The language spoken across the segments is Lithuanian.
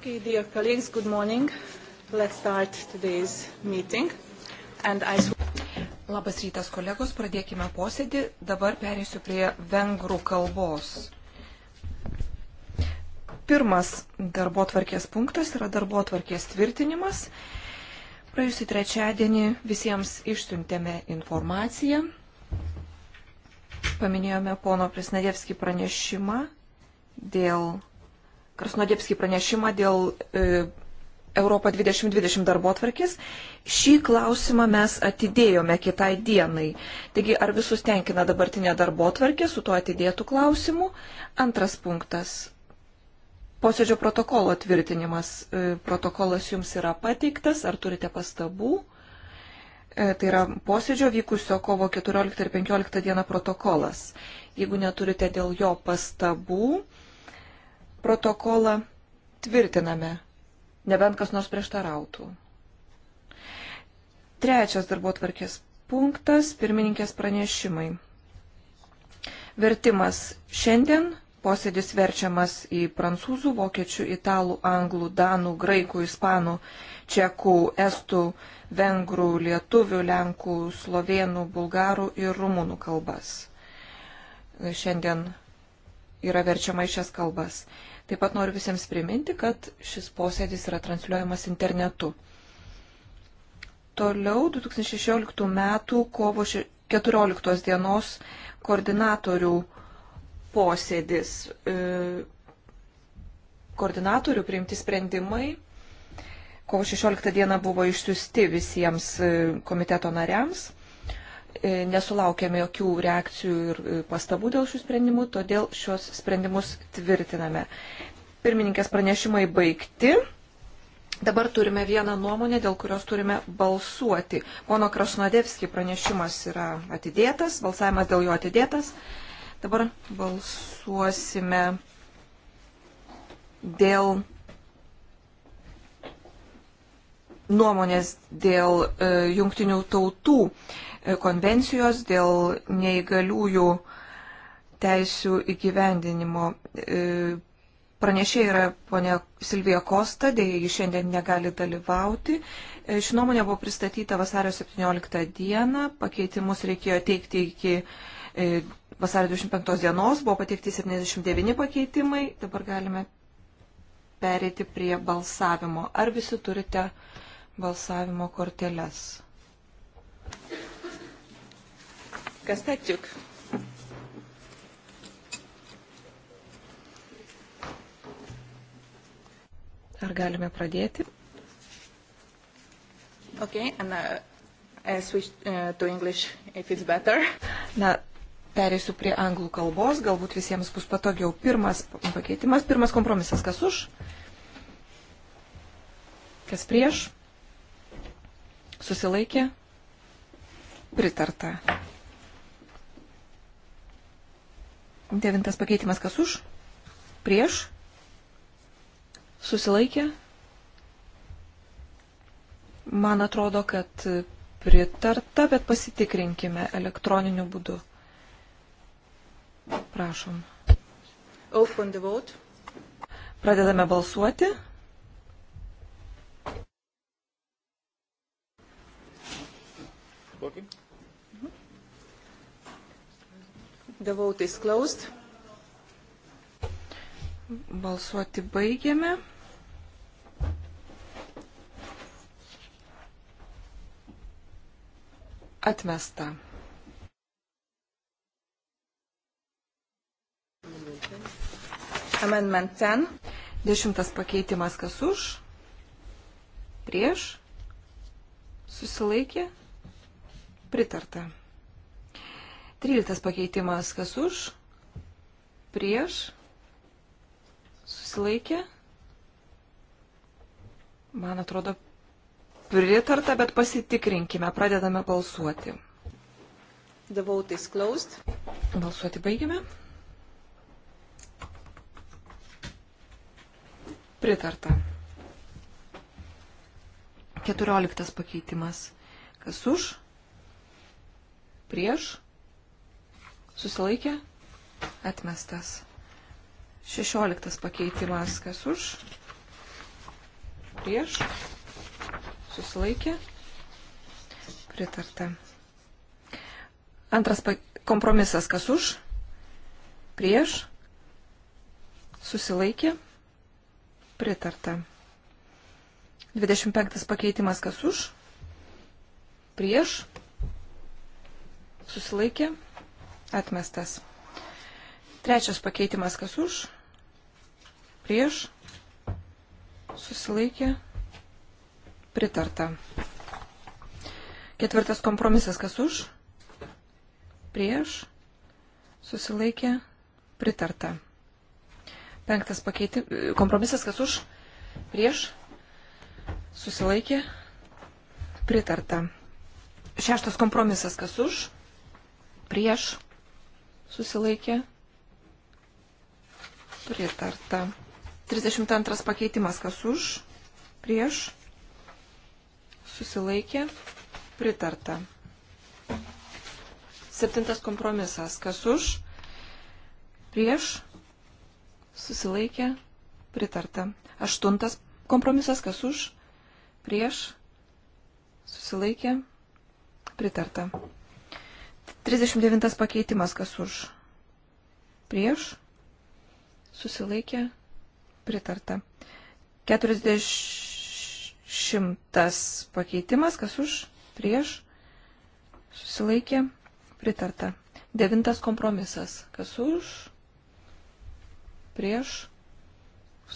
Okay, dear colleagues, good morning. Let's start today's meeting. And I... Labas rytas, kolegos, pradėkime posėdį. Dabar perėsiu prie vengrų kalbos. Pirmas darbo tvarkės punktas yra darbo tvarkės tvirtinimas. Praėjusį trečiadienį visiems išsiuntėme informaciją. Paminėjome pono Prisnadevskį pranešimą dėl Krasnodėpskį pranešimą dėl e, Europą 2020 darbo atvarkės. Šį klausimą mes atidėjome kitai dienai. Taigi, ar visus tenkina dabartinė darbo atvarkė su tuo atidėtų klausimu? Antras punktas. Posėdžio protokolo tvirtinimas. E, protokolas jums yra pateiktas, ar turite pastabų? E, tai yra posėdžio vykusio kovo 14 ir 15 dieną protokolas. Jeigu neturite dėl jo pastabų, protokolą tvirtiname, nebent kas nors prieštarautų. Trečias darbo tvarkės punktas - pirmininkės pranešimai. Vertimas šiandien posėdis verčiamas į prancūzų, vokiečių, italų, anglų, danų, graikų, ispanų, čekų, estų, vengrų, lietuvių, lenkų, slovėnų, bulgarų ir rumunų kalbas. Šiandien yra verčiama į šias kalbas. Taip pat noriu visiems priminti, kad šis posėdis yra transliuojamas internetu. Toliau 2016 m. kovo 14 dienos koordinatorių posėdis. E, koordinatorių priimti sprendimai. Kovo 16 dieną buvo išsiusti visiems e, komiteto nariams. E, nesulaukėme jokių reakcijų ir e, pastabų dėl šių sprendimų, todėl šios sprendimus tvirtiname. Pirmininkės pranešimai baigti. Dabar turime vieną nuomonę, dėl kurios turime balsuoti. Pono Krasnodevski pranešimas yra atidėtas, balsavimas dėl jo atidėtas. Dabar balsuosime dėl nuomonės dėl e, jungtinių tautų e, konvencijos dėl neįgaliųjų teisių įgyvendinimo. E, pranešė yra ponia Silvija Kosta, dėja ji šiandien negali dalyvauti. E, ši nuomonė buvo pristatyta vasario 17 dieną, pakeitimus reikėjo teikti iki e, vasario 25 dienos, buvo pateikti 79 pakeitimai, dabar galime perėti prie balsavimo. Ar visi turite balsavimo korteles? Kezdhetjük? Ar galime pradėti? Okay, and uh, I switch uh, to English if it's better. Na, perėsiu prie anglų kalbos, galbūt visiems bus patogiau. Pirmas pakeitimas, pirmas kompromisas, kas už, kas prieš, susilaikė, pritarta. Devintas pakeitimas kas už? Prieš? Susilaikė? Man atrodo, kad pritarta, bet pasitikrinkime elektroniniu būdu. Prašom. Open the vote. Pradedame balsuoti. Working? The vote is closed. Balsuoti baigiame. Atmesta. Amendment 10. Dešimtas pakeitimas kas už, prieš, susilaikė, pritarta. 13 pakeitimas, kas už, prieš, susilaikė. Man atrodo, pritarta, bet pasitikrinkime, pradedame balsuoti. The vote is closed. Balsuoti baigiame. Pritarta. 14 pakeitimas. Kas už? Prieš? susilaikė, atmestas. Šešioliktas pakeitimas, kas už, prieš, susilaikė, pritarta. Antras kompromisas, kas už, prieš, susilaikė, pritarta. 25 pakeitimas, kas už, prieš, susilaikė, pritarta Atmestas. Trečias pakeitimas kas už? Prieš? Susilaikė? Pritarta. Ketvirtas kompromisas kas už? Prieš? Susilaikė? Pritarta. Penktas pakeiti... kompromisas kas už? Prieš? Susilaikė? Pritarta. Šeštas kompromisas kas už? Prieš? susilaikė, pritarta. 32 pakeitimas, kas už, prieš, susilaikė, pritarta. Septintas kompromisas, kas už, prieš, susilaikė, pritarta. Aštuntas kompromisas, kas už, prieš, susilaikė, pritarta. 39 pakeitimas, kas už. Prieš. Susilaikė. Pritarta. 40 pakeitimas, kas už. Prieš. Susilaikė. Pritarta. Devintas kompromisas. Kas už? Prieš?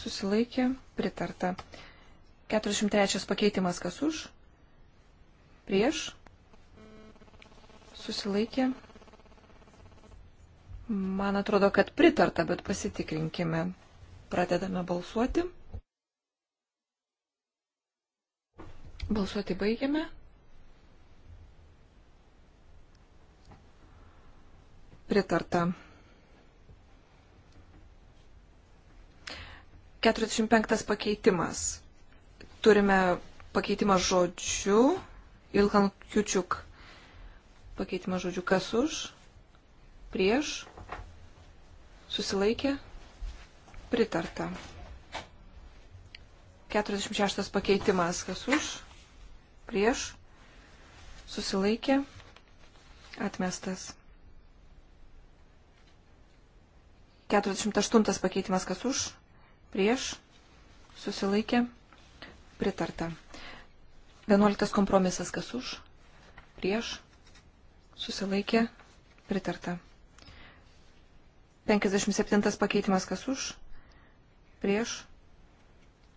Susilaikė? Pritarta. 43 pakeitimas. Kas už? Prieš? susilaikė. Man atrodo, kad pritarta, bet pasitikrinkime. Pradedame balsuoti. Balsuoti baigiame. Pritarta. 45 pakeitimas. Turime pakeitimą žodžiu Ilhan Kiučiuk Pakeitimo žodžiu kas už, prieš, susilaikė, pritarta. 46 pakeitimas kas už, prieš, susilaikė, atmestas. 48 pakeitimas kas už, prieš, susilaikė, pritarta. 11 kompromisas kas už, prieš, susilaikė susilaikė, pritarta. 57 pakeitimas kas už, prieš,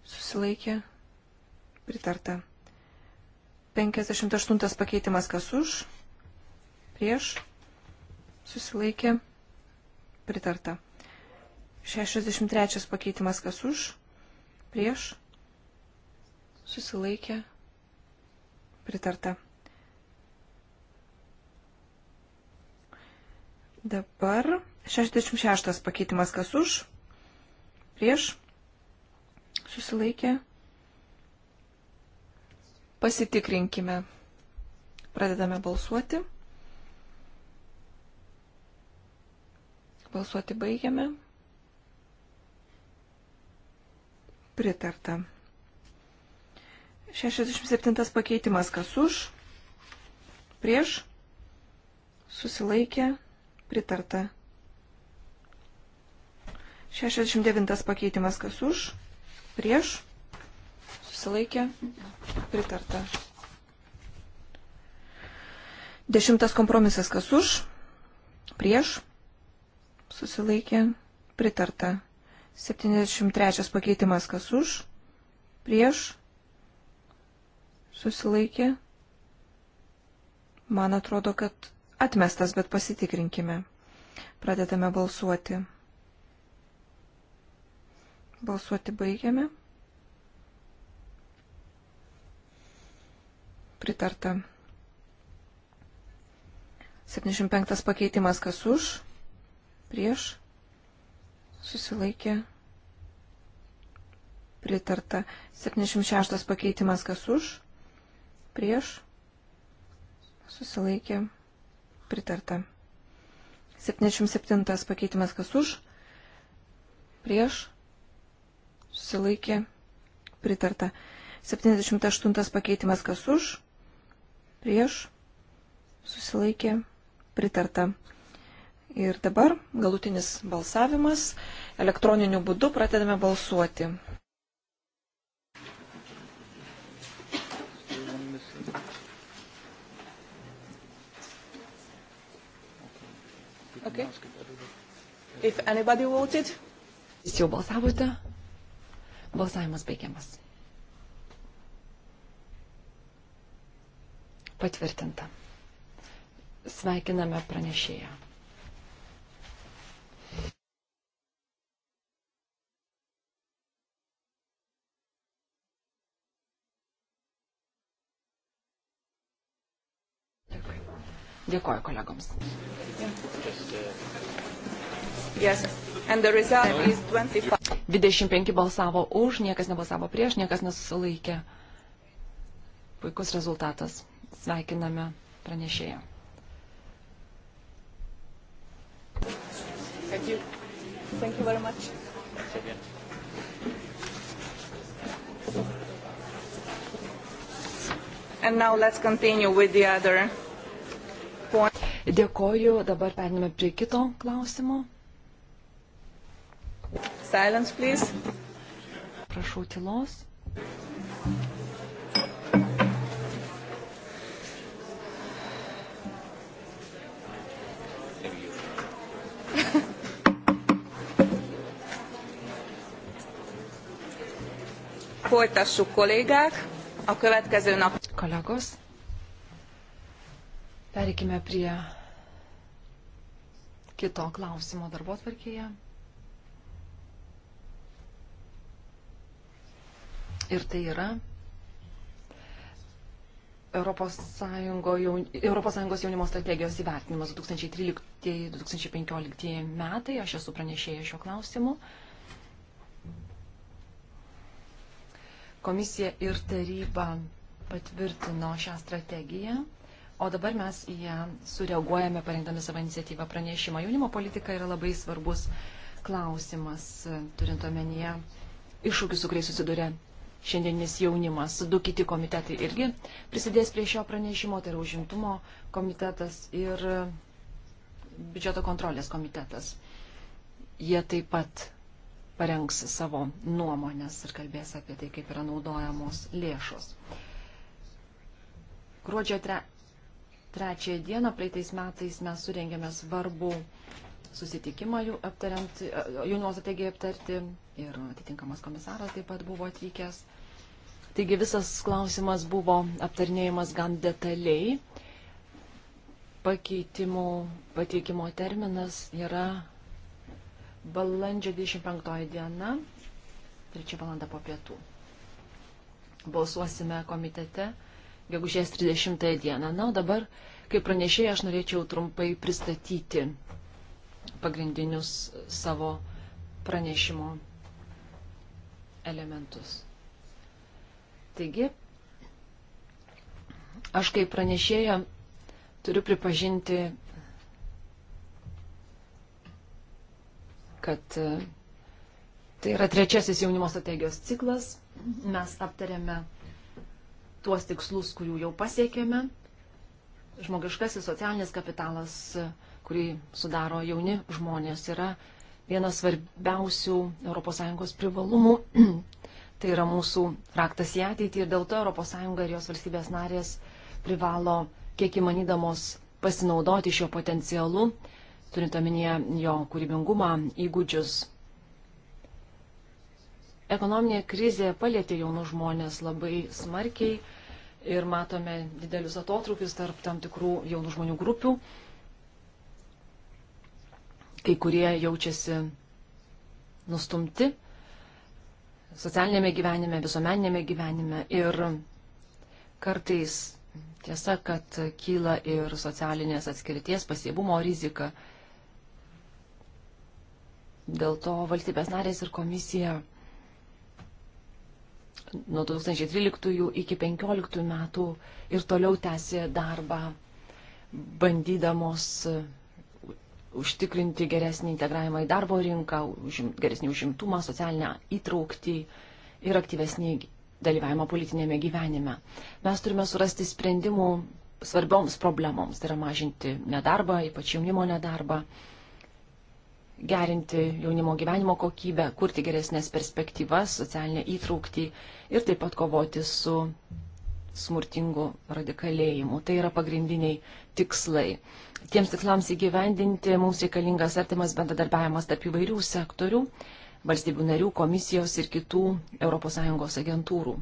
susilaikė, pritarta. 58 pakeitimas kas už, prieš, susilaikė, pritarta. 63 pakeitimas kas už, prieš, susilaikė, pritarta. Dabar 66 pakeitimas kas už, prieš, susilaikė. Pasitikrinkime. Pradedame balsuoti. Balsuoti baigiame. Pritarta. 67 pakeitimas kas už, prieš, susilaikė Pritarta. 69 pakeitimas kas už, prieš, susilaikė, pritarta. Dešimtas kompromisas kas už, prieš, susilaikė, pritarta. 73 pakeitimas kas už, prieš, susilaikė. Man atrodo, kad Atmestas, bet pasitikrinkime. Pradedame balsuoti. Balsuoti baigiame. Pritarta. 75 pakeitimas kas už, prieš, susilaikė, pritarta. 76 pakeitimas kas už, prieš, susilaikė, pritarta pritarta. 77 pakeitimas kas už, prieš, susilaikė, pritarta. 78 pakeitimas kas už, prieš, susilaikė, pritarta. Ir dabar galutinis balsavimas. Elektroniniu būdu pradedame balsuoti. Okay. If anybody voted. Jūs jau balsavote? Balsavimas baigiamas. Patvirtinta. Sveikiname pranešėją. Dėkoju kolegoms. Yes. 25. 25 balsavo už, niekas nebalsavo prieš, niekas nesusilaikė. Puikus rezultatas. Sveikiname pranešėją. Thank you. Thank you very much. And now let's continue with the other Dėkoju, dabar perėmėme prie kito klausimo. Silence, please. Prašau tylos. Folytassuk kollégák, a következő nap. Kalagos. Perikime prie kito klausimo darbo atvarkėje. Ir tai yra Europos, jaun... Europos Sąjungos jaunimo strategijos įvertinimas 2013-2015 metai. Aš esu pranešėję šio klausimu. Komisija ir taryba patvirtino šią strategiją. O dabar mes į ją sureaguojame, parengdami savo iniciatyvą pranešimą. Jaunimo politika yra labai svarbus klausimas, turint omenyje iššūkius, su kuriais susiduria šiandieninis jaunimas. Du kiti komitetai irgi prisidės prie šio pranešimo, tai yra užimtumo komitetas ir biudžeto kontrolės komitetas. Jie taip pat parengs savo nuomonės ir kalbės apie tai, kaip yra naudojamos lėšos. Gruodžio tre, trečiąją dieną praeitais metais mes surengėme svarbų susitikimą jų aptariant, jaunimo strategiją aptarti ir atitinkamas komisaras taip pat buvo atvykęs. Taigi visas klausimas buvo aptarnėjimas gan detaliai. Pakeitimų pateikimo terminas yra balandžio 25 diena, 3 valanda po pietų. Balsuosime komitete gegužės 30 dieną. Na, o dabar, kaip pranešėjai, aš norėčiau trumpai pristatyti pagrindinius savo pranešimo elementus. Taigi, aš kaip pranešėja turiu pripažinti, kad e, tai yra trečiasis jaunimo strategijos ciklas. Mes aptarėme tuos tikslus, kurių jau pasiekėme. Žmogiškasis socialinis kapitalas, kurį sudaro jauni žmonės, yra vienas svarbiausių ES privalumų. tai yra mūsų raktas į ateitį ir dėl to ES ir jos valstybės narės privalo, kiek įmanydamos, pasinaudoti šio potencialu, turint omenyje jo kūrybingumą, įgūdžius Ekonominė krizė palėtė jaunų žmonės labai smarkiai ir matome didelius atotrukius tarp tam tikrų jaunų žmonių grupių. Kai kurie jaučiasi nustumti socialinėme gyvenime, visuomeninėme gyvenime ir kartais tiesa, kad kyla ir socialinės atskirties pasiebumo rizika. Dėl to valstybės narės ir komisija nuo 2013 iki 2015 metų ir toliau tęsė darbą, bandydamos e, užtikrinti geresnį integravimą į darbo rinką, užim, geresnį užimtumą, socialinę įtraukti ir aktyvesnį dalyvavimą politinėme gyvenime. Mes turime surasti sprendimų svarbioms problemoms, tai yra mažinti nedarbą, ypač jaunimo nedarbą, nedarbą gerinti jaunimo gyvenimo kokybę, kurti geresnės perspektyvas, socialinę įtraukti ir taip pat kovoti su smurtingu radikalėjimu. Tai yra pagrindiniai tikslai. Tiems tikslams įgyvendinti mums reikalingas artimas bendradarbiavimas tarp įvairių sektorių, valstybių narių, komisijos ir kitų ES agentūrų.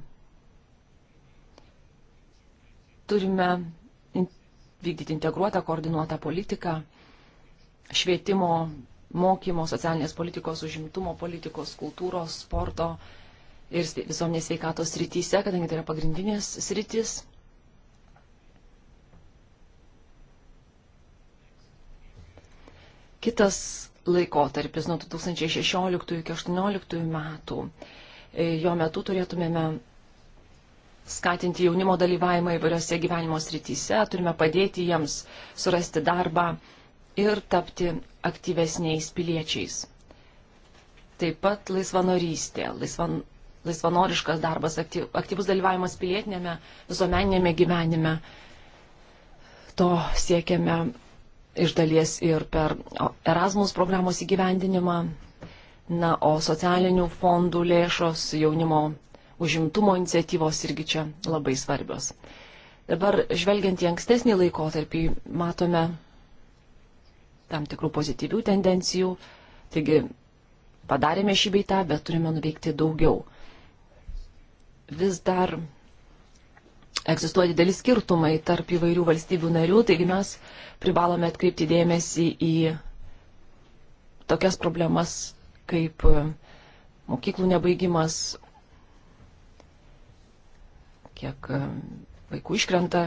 Turime vykdyti integruotą, koordinuotą politiką, švietimo mokymo, socialinės politikos, užimtumo politikos, kultūros, sporto ir visuomenės veikatos srityse, kadangi tai yra pagrindinės sritis. Kitas laikotarpis nuo 2016 iki 2018 metų. E, jo metu turėtumėme skatinti jaunimo dalyvavimą įvairiose gyvenimo srityse, turime padėti jiems surasti darbą, ir tapti aktyvesniais piliečiais. Taip pat laisvanorystė, laisvan, laisvanoriškas darbas, aktyv, aktyvus dalyvavimas pilietinėme visuomeninėme gyvenime. To siekiame iš dalies ir per Erasmus programos įgyvendinimą, na, o socialinių fondų lėšos jaunimo užimtumo iniciatyvos irgi čia labai svarbios. Dabar, žvelgiant į ankstesnį laikotarpį, matome tam tikrų pozityvių tendencijų, taigi padarėme šį beitą, bet turime nuveikti daugiau. Vis dar egzistuoja dideli skirtumai tarp įvairių valstybių narių, taigi mes privalome atkreipti dėmesį į tokias problemas kaip e, mokyklų nebaigimas, kiek e, vaikų iškrenta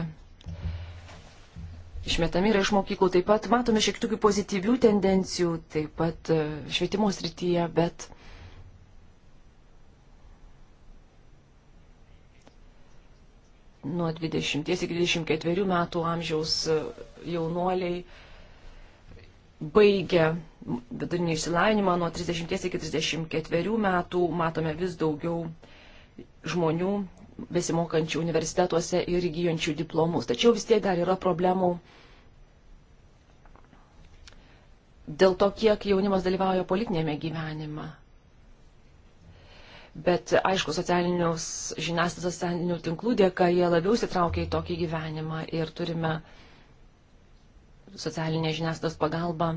išmetami yra iš mokyklų. Taip pat matome šiek tiek pozityvių tendencijų, taip pat e, švietimo srityje, bet nuo 20 iki 24 metų amžiaus e, jaunuoliai baigia vidurinį išsilavinimą, nuo 30 iki 34 metų matome vis daugiau žmonių besimokančių universitetuose ir įgyjančių diplomus. Tačiau vis tiek dar yra problemų dėl to, kiek jaunimas dalyvauja politinėme gyvenime. Bet aišku, socialinius žiniasklaidos socialinių tinklų dėka jie labiau įsitraukia į tokį gyvenimą ir turime socialinė žiniasklaidos pagalba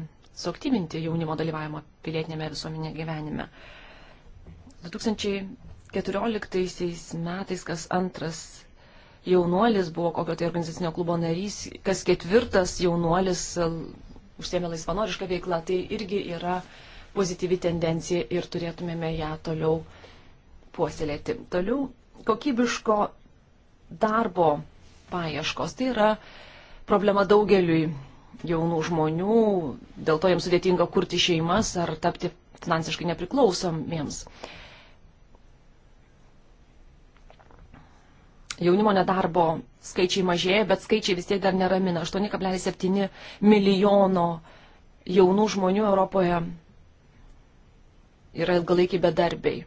suaktyvinti jaunimo dalyvavimą pilietinėme visuomenėje gyvenime. 2000 14 metais kas antras jaunuolis buvo kokio tai organizacinio klubo narys, kas ketvirtas jaunuolis e, užsėmė laisvanorišką veiklą, tai irgi yra pozityvi tendencija ir turėtumėme ją toliau puoselėti. Toliau kokybiško darbo paieškos. Tai yra problema daugeliui jaunų žmonių, dėl to jiems sudėtinga kurti šeimas ar tapti finansiškai nepriklausomiems. Uh, jaunimo nedarbo skaičiai mažėja, bet skaičiai vis tiek dar neramina. 8,7 milijono jaunų žmonių Europoje yra ilgalaikiai bedarbiai.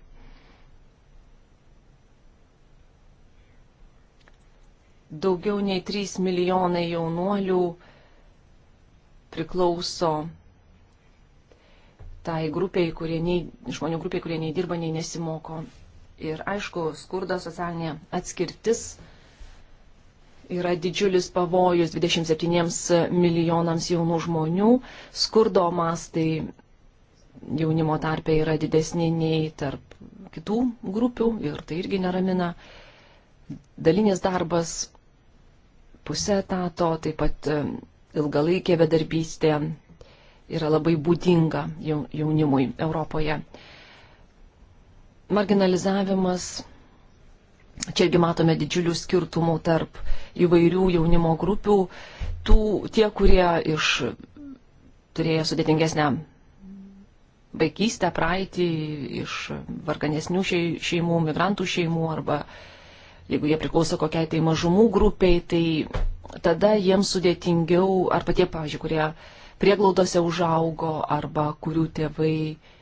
Daugiau nei 3 milijonai jaunuolių priklauso tai grupiai, kurie nei, žmonių grupiai, kurie nei dirba, nei nesimoko Ir aišku, skurdo socialinė atskirtis yra didžiulis pavojus 27 milijonams jaunų žmonių. Skurdo mastai jaunimo tarpe yra didesni nei tarp kitų grupių ir tai irgi neramina. Dalinis darbas, pusė etato, taip pat e, ilgalaikė bedarbystė yra labai būdinga jaunimui Europoje marginalizavimas. Čia irgi matome didžiulių skirtumų tarp įvairių jaunimo grupių. Tų, tie, kurie iš, turėjo sudėtingesnę vaikystę, praeitį, iš varganesnių šeimų, migrantų šeimų arba jeigu jie priklauso kokiai tai mažumų grupiai, tai tada jiems sudėtingiau, arba tie, pavyzdžiui, kurie prieglaudose užaugo arba kurių tėvai uh,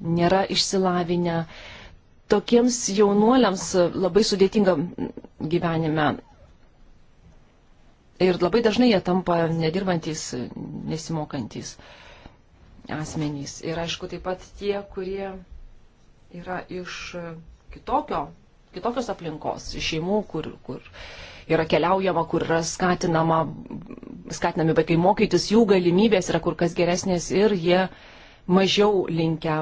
nėra išsilavinę. Tokiems jaunuoliams labai sudėtinga gyvenime. Ir labai dažnai jie tampa nedirbantis, nesimokantis asmenys. Ir aišku, taip pat tie, kurie yra iš kitokio, kitokios aplinkos, iš šeimų, kur, kur yra keliaujama, kur yra skatinama, skatinami vaikai mokytis, jų galimybės yra kur kas geresnės ir jie uh, mažiau linkę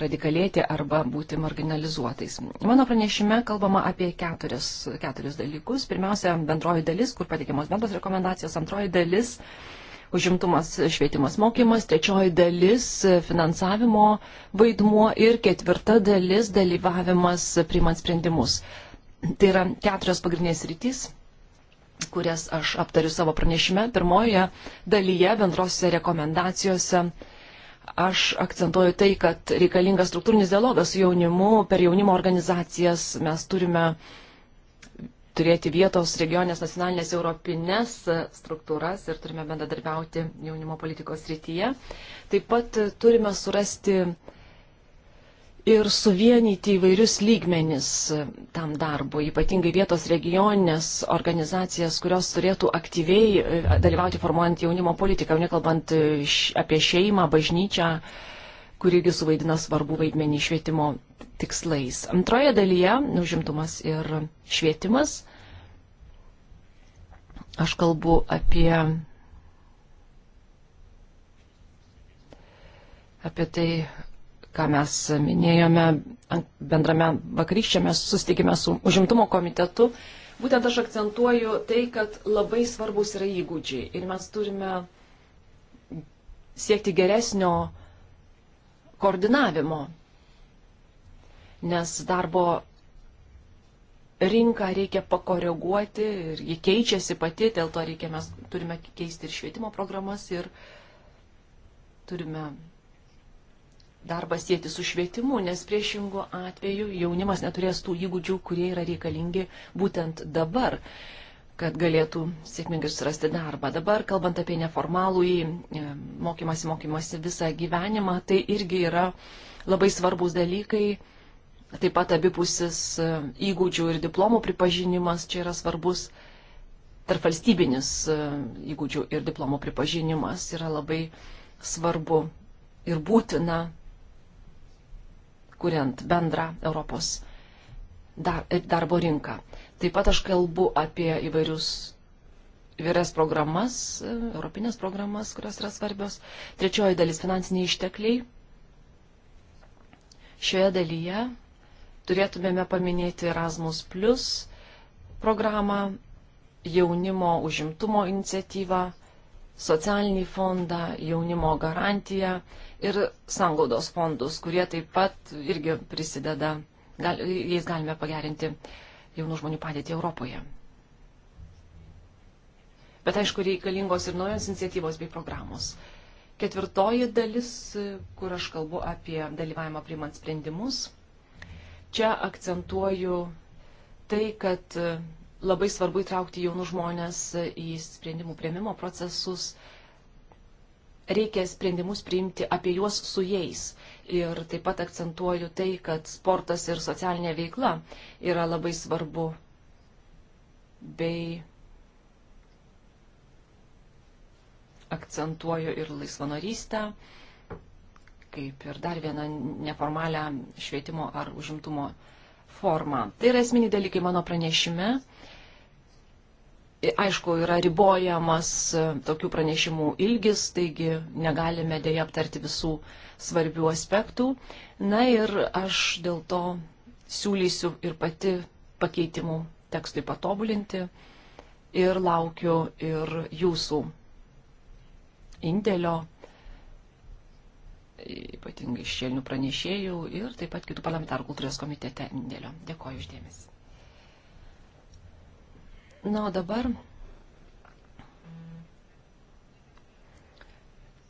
radikalėti arba būti marginalizuotais. Mano pranešime kalbama apie keturis, keturis dalykus. Pirmiausia, bendroji dalis, kur pateikiamos bendros rekomendacijos, antroji dalis užimtumas, švietimas, mokymas, trečioji dalis finansavimo vaidmuo ir ketvirta dalis dalyvavimas priimant sprendimus. Tai yra keturios pagrindinės rytis kurias aš aptariu savo pranešime. Pirmoje dalyje bendrosiuose rekomendacijose Aš akcentuoju tai, kad reikalingas struktūrinis dialogas su jaunimu, per jaunimo organizacijas mes turime turėti vietos regionės nacionalinės europinės struktūras ir turime bendradarbiauti jaunimo politikos rytyje. Taip pat turime surasti uh, ir suvienyti įvairius lygmenis e, tam darbui, ypatingai vietos regioninės organizacijas, kurios turėtų aktyviai e, dalyvauti formuojant jaunimo politiką, jau nekalbant e, apie šeimą, bažnyčią, kurigi suvaidina svarbu vaidmenį švietimo tikslais. Antroje dalyje - užimtumas ir švietimas. Aš kalbu apie apie tai, ką mes minėjome bendrame vakarykščiame susitikime su užimtumo komitetu. Būtent aš akcentuoju tai, kad labai svarbus yra įgūdžiai ir mes turime siekti geresnio koordinavimo, nes darbo rinką reikia pakoreguoti ir ji keičiasi pati, dėl to reikia mes turime keisti ir švietimo programas ir turime darbą sėti su švietimu, nes priešingų atveju jaunimas neturės tų įgūdžių, kurie yra reikalingi būtent dabar, kad galėtų sėkmingai surasti darbą. Dabar, kalbant apie neformalų į e, mokymasi, mokymasi visą gyvenimą, tai irgi yra labai svarbus dalykai. Taip pat abipusis e, įgūdžių ir diplomų pripažinimas čia yra svarbus. Tarp valstybinis e, įgūdžių ir diplomų pripažinimas yra labai svarbu ir būtina kuriant bendrą Europos darbo rinką. Taip pat aš kalbu apie įvairius, įvairias programas, europinės programas, kurios yra svarbios. Trečioji dalis - finansiniai ištekliai. Šioje dalyje turėtumėme paminėti Erasmus Plus programą, jaunimo užimtumo iniciatyvą, socialinį fondą, jaunimo garantiją, ir sangaudos fondus, kurie taip pat irgi prisideda, gal, jais galime pagerinti jaunų žmonių padėtį Europoje. Bet aišku, reikalingos ir naujos iniciatyvos bei programos. Ketvirtoji dalis, kur aš kalbu apie dalyvavimą priimant sprendimus. Čia akcentuoju tai, kad labai svarbu įtraukti jaunus žmonės į sprendimų prieimimo procesus, reikia sprendimus priimti apie juos su jais. Ir taip pat akcentuoju tai, kad sportas ir socialinė veikla yra labai svarbu. Bei akcentuoju ir laisvanorystę, kaip ir dar vieną neformalią švietimo ar užimtumo formą. Tai yra esminiai dalykai mano pranešime. Aišku, yra ribojamas e, tokių pranešimų ilgis, taigi negalime dėja aptarti visų svarbių aspektų. Na ir aš dėl to siūlysiu ir pati pakeitimų tekstui patobulinti ir laukiu ir jūsų indėlio, ypatingai šėlinių pranešėjų ir taip pat kitų parlamentarų kultūros komitete indėlio. Dėkoju uždėmesi. Na, o dabar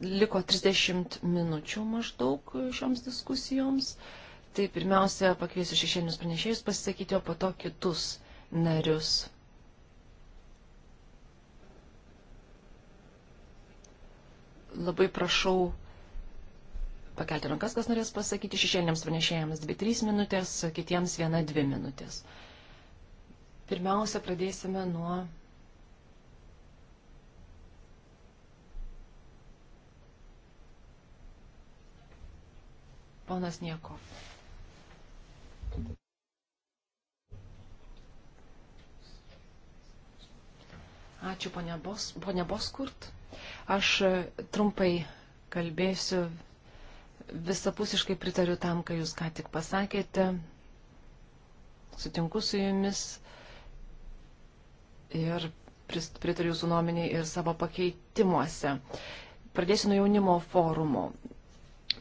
liko 30 minučių maždaug šioms diskusijoms. Tai pirmiausia, pakviesiu šešėlinius pranešėjus pasisakyti, o po to kitus narius. Labai prašau pakelti rankas, kas norės pasakyti šešėliniams pranešėjams 2-3 minutės, kitiems 1-2 minutės. Uh, Pirmiausia, pradėsime nuo ponas Nieko. Ačiū, ponia, Bos, ponia Boskurt. Aš e, trumpai kalbėsiu, visapusiškai pritariu tam, ką jūs ką tik pasakėte. Sutinku su jumis ir pritariu jūsų nuomonį ir savo pakeitimuose. Pradėsiu nuo jaunimo forumo.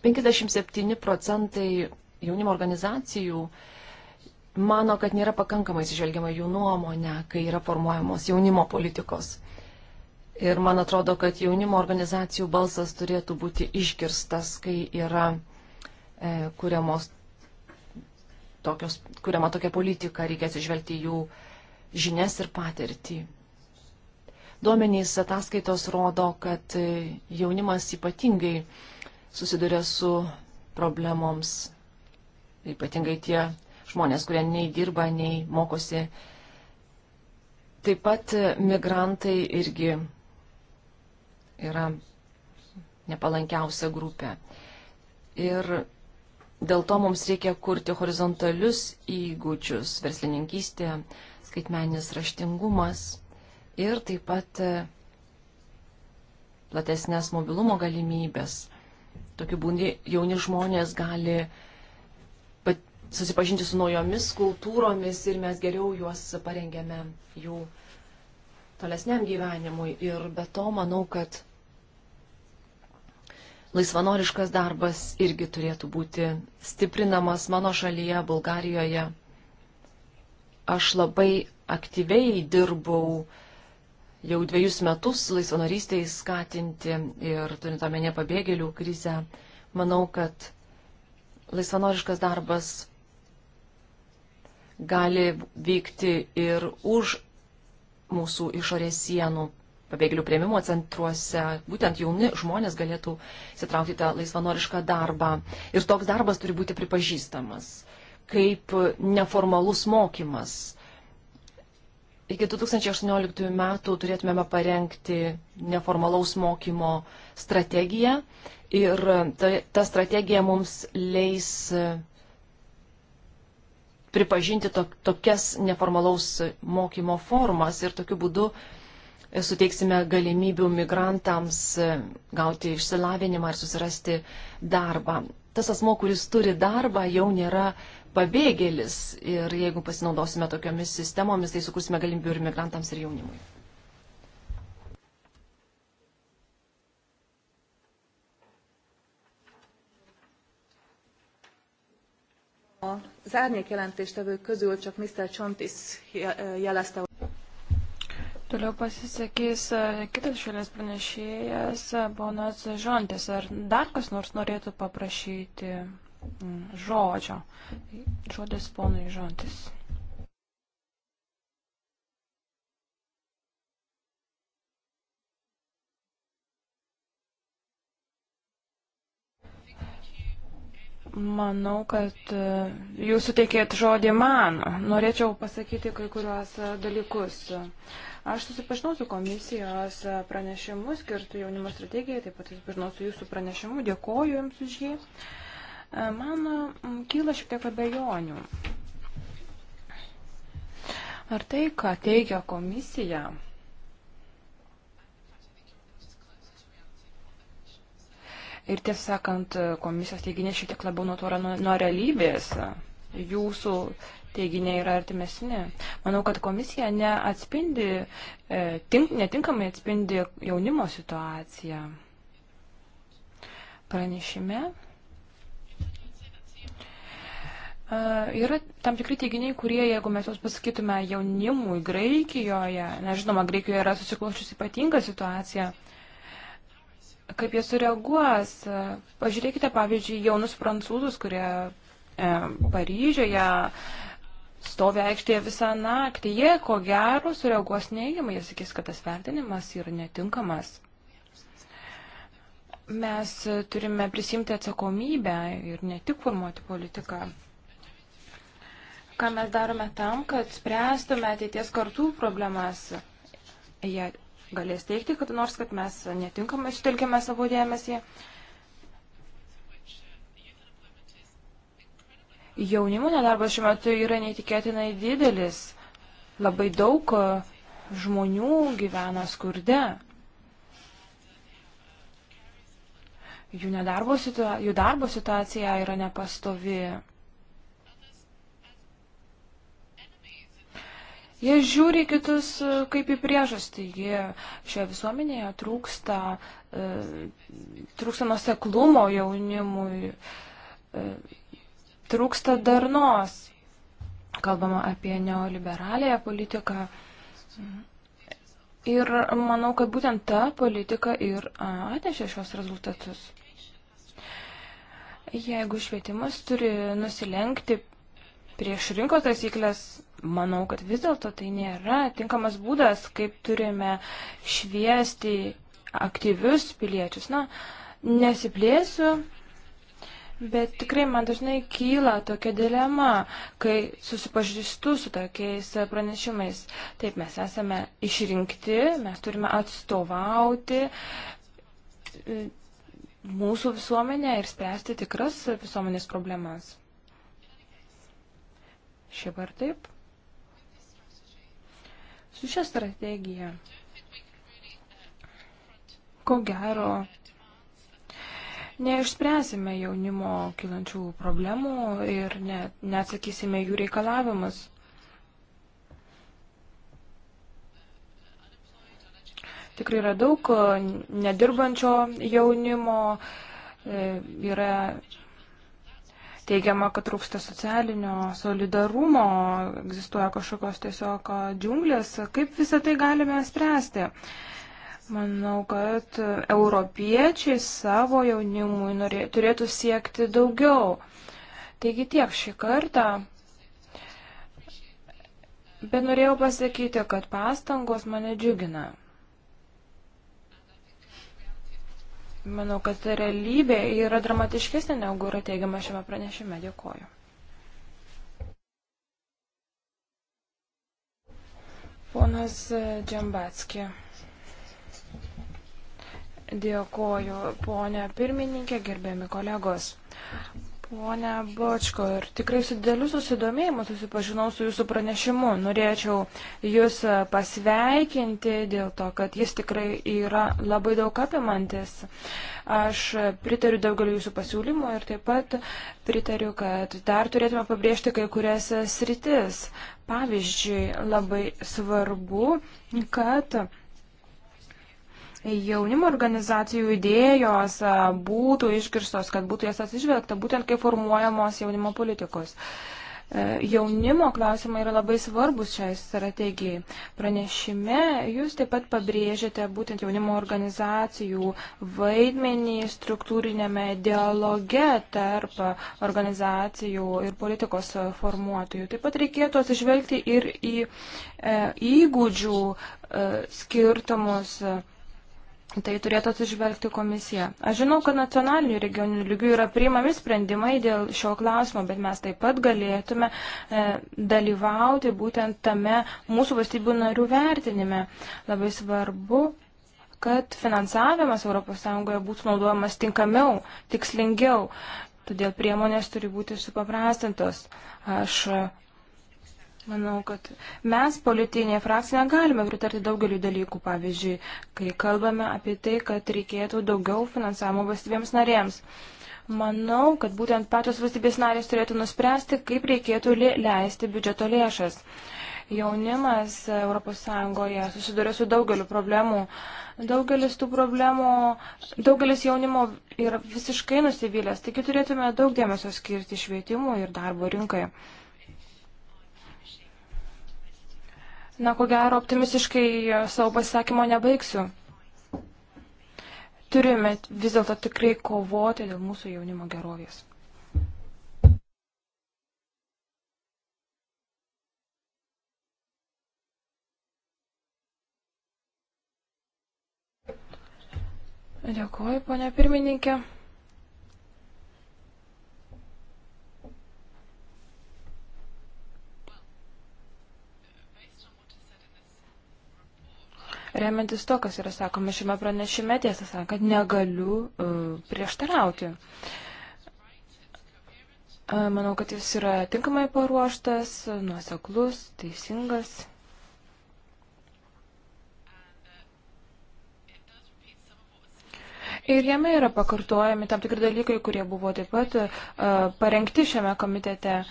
57 procentai jaunimo organizacijų mano, kad nėra pakankamai sižvelgiama jų nuomonė, kai yra formuojamos jaunimo politikos. Ir man atrodo, kad jaunimo organizacijų balsas turėtų būti išgirstas, kai yra e, kuriamos tokios, kuriama tokia politika, reikia atsižvelgti jų e, žinias ir patirtį. Duomenys ataskaitos rodo, kad jaunimas ypatingai susiduria su problemoms, ypatingai tie žmonės, kurie nei dirba, nei mokosi. Taip pat migrantai irgi yra nepalankiausia grupė. Ir dėl to mums reikia kurti horizontalius įgūdžius - verslininkystė, skaitmeninis raštingumas ir taip pat e, platesnės mobilumo galimybės. Tokiu būdu jauni žmonės gali susipažinti su naujomis kultūromis ir mes geriau juos parengėme jų tolesniam gyvenimui. Ir be to manau, kad laisvanoriškas darbas irgi turėtų būti stiprinamas mano šalyje, Bulgarijoje. Aš labai aktyviai dirbau jau dviejus metus laisvanorystėje skatinti ir turint omenyje pabėgėlių krizę, manau, kad laisvanoriškas darbas gali vykti ir už mūsų išorės sienų pabėgėlių prieimimo centruose. Būtent jauni žmonės galėtų sitraukti tą laisvanorišką darbą. Ir toks darbas turi būti pripažįstamas kaip neformalus mokymas. Iki 2018 metų turėtumėme parengti neformalaus mokymo strategiją ir ta, ta strategija mums leis pripažinti to, tokias neformalaus mokymo formas ir tokiu būdu suteiksime galimybių migrantams gauti išsilavinimą ir susirasti darbą. Tas asmo, kuris turi darbą, jau nėra pabėgėlis. Ir jeigu pasinaudosime tokiomis sistemomis, tai sukursime galimybių ir migrantams, ir jaunimui. Az árnyék jelentéstevők közül csak Mr. Csontis jelezte, Toliau pasisakys e, kitas šalies pranešėjas, e, ponas Žontis. Ar dar kas nors norėtų paprašyti Mm, žodžio. Žodis ponui žodis. Manau, kad e, jūs suteikėt žodį man. Norėčiau pasakyti kai kuriuos e, dalykus. Aš susipažinau su komisijos e, pranešimu skirtu jaunimo strategijai, taip pat susipažinau su jūsų pranešimu, dėkoju jums už jį. Uh, Man mm, kyla šiek tiek abejonių. Ar tai, ką teigia komisija, ir tiesą sakant, komisijos teiginė šiek tiek labiau nutūra nuo, nuo realybės, jūsų teiginiai yra artimesni. Manau, kad komisija neatspindi, e, tink, netinkamai atspindi jaunimo situaciją. Pranešime Yra tam tikri teiginiai, kurie, jeigu mes juos pasakytume jaunimui Graikijoje, nežinoma, Graikijoje yra susikloščius ypatinga situacija, kaip jie sureaguos. Pažiūrėkite, pavyzdžiui, jaunus prancūzus, kurie e, Paryžioje stovi aikštėje visą naktį, jie ko gero sureaguos neigiamai, jie sakys, kad tas vertinimas yra netinkamas mes turime prisimti atsakomybę ir ne tik formuoti politiką ką mes darome tam, kad spręstume ateities kartų problemas. Jie galės teikti, kad nors, kad mes netinkamai sutelkime savo dėmesį. Jaunimo nedarbas šiuo metu yra neįtikėtinai didelis. Labai daug e, žmonių gyvena skurde. Jų, jų darbo situacija yra nepastovi. Jie žiūri kitus e, kaip į priežastį. Jie šioje visuomenėje trūksta, e, trūksta nuseklumo jaunimui, e, trūksta darnos. Kalbama apie neoliberalėją politiką. Ir manau, kad būtent ta politika ir atnešė šios rezultatus. Jeigu švietimas turi nusilenkti prieš rinkos taisyklės, manau, kad vis dėlto tai nėra tinkamas būdas, kaip turime šviesti aktyvius piliečius. Na, nesiplėsiu, bet tikrai man dažnai kyla tokia dilema, kai susipažįstu su tokiais pranešimais. Taip, mes esame išrinkti, mes turime atstovauti e, mūsų visuomenę ir spręsti tikras visuomenės problemas. Šiaip ar taip? Su šia strategija, ko gero, neišspręsime jaunimo kilančių problemų ir ne, neatsakysime jų reikalavimus. Tikrai yra daug nedirbančio jaunimo, e, yra Teigiama, kad trūksta socialinio solidarumo, egzistuoja kažkokios tiesiog džiunglės. Kaip visą tai galime spręsti? Manau, kad europiečiai savo jaunimui norė, turėtų siekti daugiau. Taigi tiek šį kartą. Bet norėjau pasakyti, kad pastangos mane džiugina. Manau, kad realybė yra dramatiškesnė negu yra teigiama šiame pranešime. Dėkoju. Ponas Džambatski. Dėkoju, ponė pirmininkė, gerbiami kolegos. Pone Bočko, ir tikrai su dėliu susidomėjimu susipažinau su jūsų pranešimu. Norėčiau jūs e, pasveikinti dėl to, kad jis tikrai yra labai daug apimantis. Aš pritariu daugeliu jūsų pasiūlymų ir taip pat pritariu, kad dar turėtume pabrėžti kai kurias sritis. Pavyzdžiui, labai svarbu, kad jaunimo organizacijų idėjos būtų išgirstos, kad būtų jas atsižvelgta, būtent kaip formuojamos jaunimo politikos. E, jaunimo klausimai yra labai svarbus šiai strategijai. Pranešime jūs taip pat pabrėžėte būtent jaunimo organizacijų vaidmenį struktūrinėme dialoge tarp organizacijų ir politikos formuotojų. Taip pat reikėtų atsižvelgti ir į e, įgūdžių e, skirtumus. E, Tai turėtų atsižvelgti komisija. Aš žinau, kad nacionalinių regioninių lygių yra priimami sprendimai dėl šio klausimo, bet mes taip pat galėtume e, dalyvauti būtent tame mūsų valstybių narių vertinime. Labai svarbu, kad finansavimas ES būtų naudojamas tinkamiau, tikslingiau. Todėl priemonės turi būti supaprastintos. Aš Manau, kad mes politinė frakcija negalime pritarti daugeliu dalykų, pavyzdžiui, kai kalbame apie tai, kad reikėtų daugiau finansavimo valstybėms narėms. Manau, kad būtent pačios valstybės narės turėtų nuspręsti, kaip reikėtų leisti biudžeto lėšas. Jaunimas ES susiduria su daugeliu problemų. Daugelis tų problemų, daugelis jaunimo yra visiškai nusivylęs, taigi turėtume daug dėmesio skirti švietimui ir darbo rinkai. Na, ko gero, optimistiškai e, savo pasisakymo nebaigsiu. Turime vis dėlto tikrai kovoti dėl mūsų jaunimo gerovės. Dėkuoju, ponia pirmininkė. remiantis to, kas yra sakoma šiame pranešime, tiesą sakant, negaliu uh, prieštarauti. Uh, manau, kad jis yra tinkamai paruoštas, nuoseklus, teisingas. Ir jame yra pakartojami tam tikri dalykai, kurie buvo taip pat uh, parengti šiame komitete.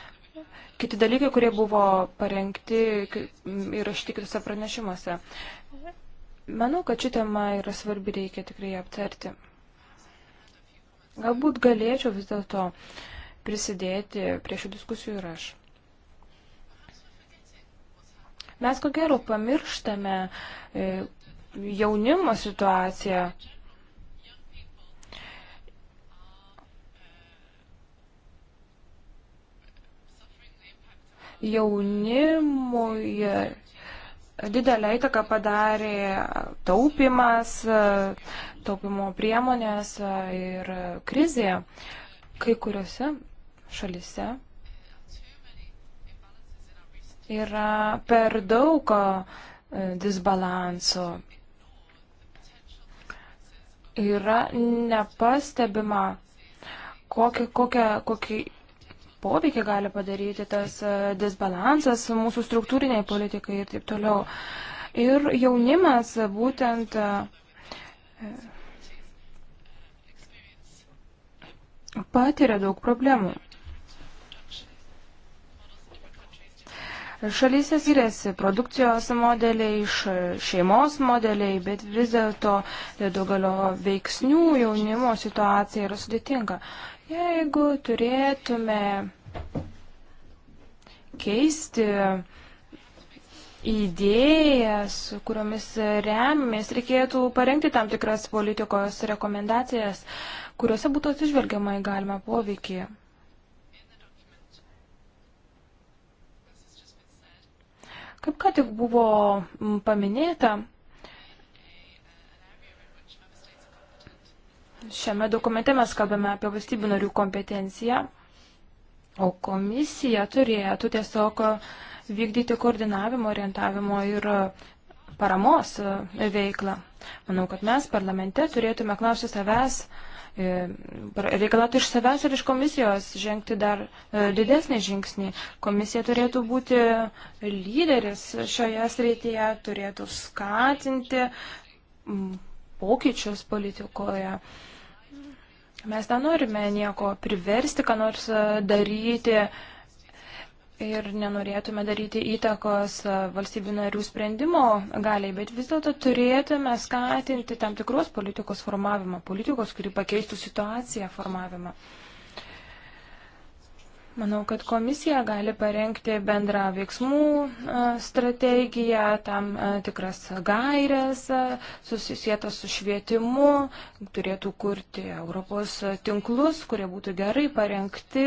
Kiti dalykai, kurie buvo parengti ir rašyti kitose pranešimuose. Uh, Manau, kad ši tema yra svarbi, reikia tikrai aptarti. Galbūt galėčiau vis dėlto prisidėti prie šių diskusijų ir aš. Mes ko gero pamirštame e, jaunimo situaciją. Jaunimui Didelę įtaką padarė taupimas, taupimo priemonės ir krizė. Kai kuriuose šalise yra per daug e, disbalanso. Yra nepastebima, kokia, kokia, kokia poveikį gali padaryti tas e, disbalansas mūsų struktūriniai politikai ir taip toliau. Ir jaunimas būtent e, patiria daug problemų. Šalyse skiriasi produkcijos modeliai, šeimos modeliai, bet vis dėlto dėl daugelio veiksnių jaunimo situacija yra sudėtinga. Jeigu turėtume keisti idėjas, kuriomis remiamės, reikėtų parengti tam tikras politikos rekomendacijas, kuriuose būtų atsižvelgiama į galimą poveikį. Kaip ką tik buvo paminėta, Šiame dokumente mes kalbame apie valstybių narių kompetenciją, o komisija turėtų tiesiog vykdyti koordinavimo, orientavimo ir paramos e, veiklą. Manau, kad mes parlamente turėtume klausti savęs, e, reikalauti iš savęs ir iš komisijos žengti dar e, didesnį žingsnį. Komisija turėtų būti lyderis šioje srityje, turėtų skatinti pokyčius politikoje. Mes nenorime nieko priversti, ką nors e, daryti ir nenorėtume daryti įtakos e, valstybių narių sprendimo galiai, bet vis dėlto turėtume skatinti tam tikros politikos formavimą, politikos, kuri pakeistų situaciją formavimą. Manau, kad komisija gali parengti bendrą veiksmų strategiją, tam tikras gairias susisietas su švietimu, turėtų kurti Europos tinklus, kurie būtų gerai parengti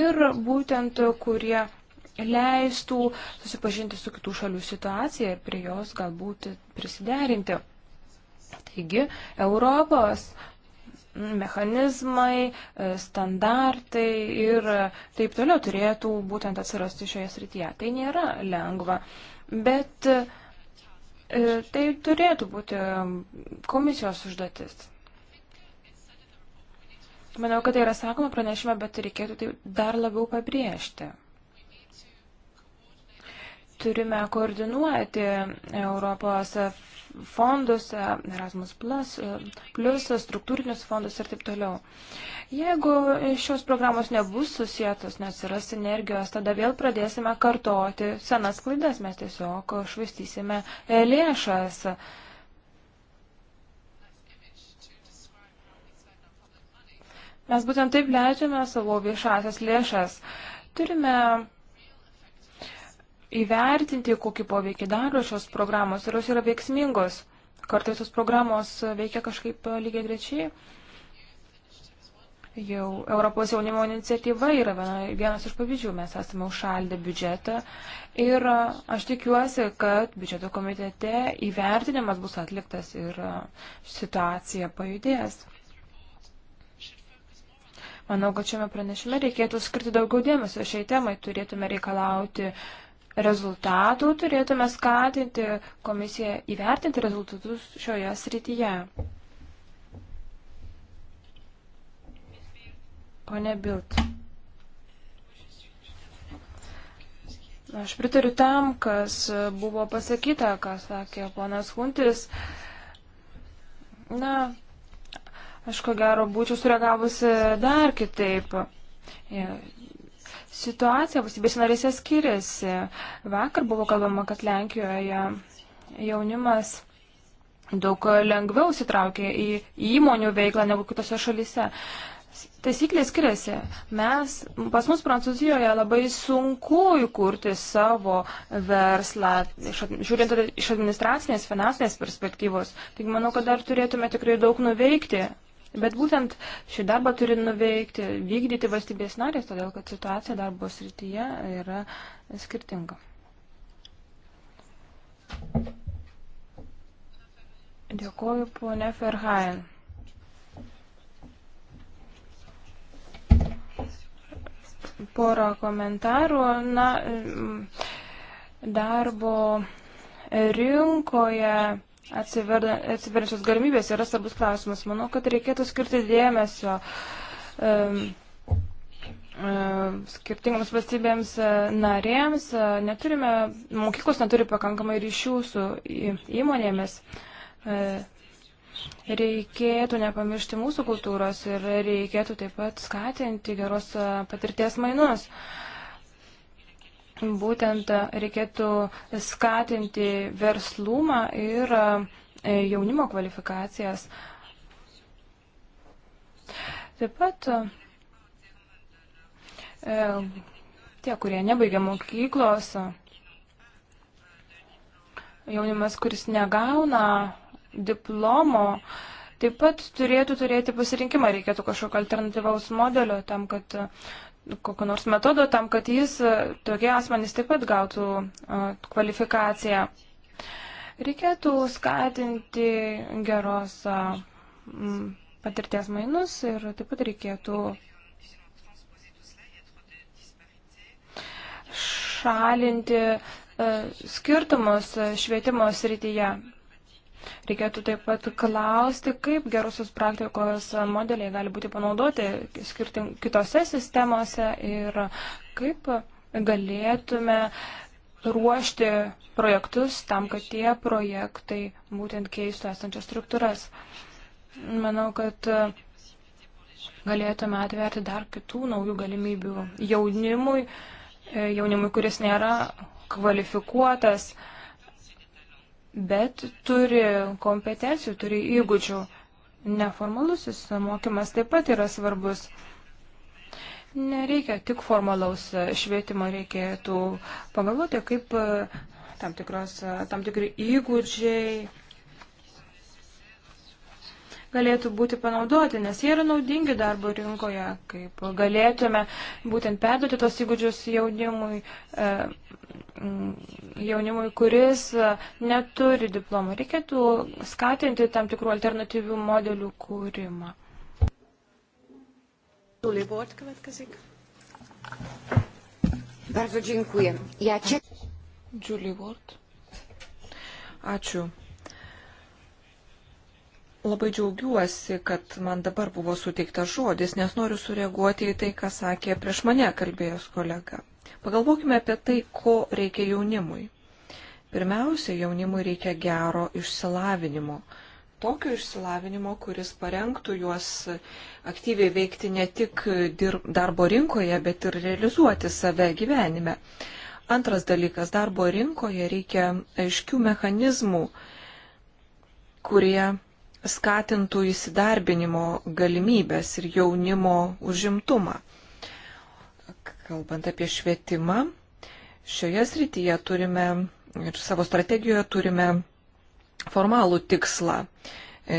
ir būtent kurie leistų susipažinti su kitų šalių situacija ir prie jos galbūt prisiderinti. Taigi, Europos uh, mechanizmai, e, standartai ir taip toliau turėtų būtent atsirasti šioje srityje. Tai nėra lengva, bet e, tai turėtų būti komisijos užduotis. Manau, kad tai yra sakoma pranešime, bet reikėtų tai dar labiau pabrėžti. Turime koordinuoti Europos fondus, Erasmus Plus, plus struktūrinius fondus ir taip toliau. Jeigu šios programos nebus susijėtos, nesiras sinergijos, tada vėl pradėsime kartoti senas klaidas, mes tiesiog švaistysime lėšas. Mes būtent taip leidžiame savo viešasias lėšas. Turime įvertinti, kokį poveikį daro šios programos, ar jos yra veiksmingos. Kartais tos programos veikia kažkaip lygiai grečiai. Jau Europos jaunimo iniciatyva yra viena, vienas iš pavyzdžių. Mes esame užšaldę biudžetą ir aš tikiuosi, kad biudžeto komitete įvertinimas bus atliktas ir situacija pajudės. Manau, kad šiame pranešime reikėtų skirti daugiau dėmesio šiai temai, turėtume reikalauti rezultatų turėtume skatinti komisiją įvertinti rezultatus šioje srityje. Pone Bilt. Aš pritariu tam, kas buvo pasakyta, ką sakė ponas Huntis. Na, aš ko gero būčiau sureagavusi dar kitaip situacija valstybės narėse skiriasi. Vakar buvo kalbama, kad Lenkijoje jaunimas daug lengviau sitraukia į įmonių veiklą negu kitose šalise. Taisyklės skiriasi. Mes, pas mus Prancūzijoje labai sunku įkurti savo verslą, žiūrint iš administracinės, finansinės perspektyvos. Taigi manau, kad dar turėtume tikrai daug nuveikti Bet būtent šį darbą turi nuveikti, vykdyti valstybės narės, todėl kad situacija darbo srityje yra skirtinga. Dėkuoju, ponė Ferhain. Porą komentarų. Na, darbo rinkoje atsiveriančios galimybės yra svarbus klausimas. Manau, kad reikėtų skirti dėmesio um, skirtingoms valstybėms e, narėms, e, neturime, mokyklos neturi pakankamai ryšių su įmonėmis. E, reikėtų nepamiršti mūsų kultūros ir reikėtų taip pat skatinti geros patirties mainus. Uh, būtent reikėtų skatinti verslumą ir e, jaunimo kvalifikacijas. Taip pat e, tie, kurie nebaigia mokyklos, jaunimas, kuris negauna diplomo, taip pat turėtų turėti pasirinkimą, reikėtų kažkokio alternatyvaus modelio tam, kad kokio nors metodo tam, kad jis, e, tokie asmenys taip pat gautų e, kvalifikaciją. Reikėtų skatinti geros e, patirties mainus ir taip pat reikėtų šalinti skirtumus švietimo srityje. Reikėtų taip pat klausti, kaip gerusios praktikos modeliai gali būti panaudoti skirting, kitose sistemose ir kaip galėtume ruošti projektus tam, kad tie projektai būtent keistų esančias struktūras. Manau, kad galėtume atverti dar kitų naujų galimybių jaunimui, jaunimui, kuris nėra kvalifikuotas. Uh, bet turi kompetencijų, turi įgūdžių. Neformalusis mokymas taip pat yra svarbus. Nereikia tik formalaus švietimo, reikėtų pagalvoti, kaip e, tam, tikros, e, tam tikri įgūdžiai galėtų būti panaudoti, nes jie yra naudingi darbo rinkoje, kaip galėtume būtent perduoti tos įgūdžius jaunimui, e, mm, jaunimui, kuris e, neturi diplomų. Reikėtų skatinti tam tikrų alternatyvių modelių kūrimą. Bardzo dziękuję. Ja cię... Julie Ward. Ačiū. Labai džiaugiuosi, kad man dabar buvo suteiktas žodis, nes noriu sureaguoti į tai, ką sakė prieš mane kalbėjęs kolega. Pagalvokime apie tai, ko reikia jaunimui. Pirmiausia, jaunimui reikia gero išsilavinimo. Tokio išsilavinimo, kuris parengtų juos aktyviai veikti ne tik darbo rinkoje, bet ir realizuoti save gyvenime. Antras dalykas, darbo rinkoje reikia aiškių mechanizmų, kurie skatintų įsidarbinimo galimybės ir jaunimo užimtumą. Kalbant apie švietimą, šioje srityje turime ir savo strategijoje turime formalų tikslą. E,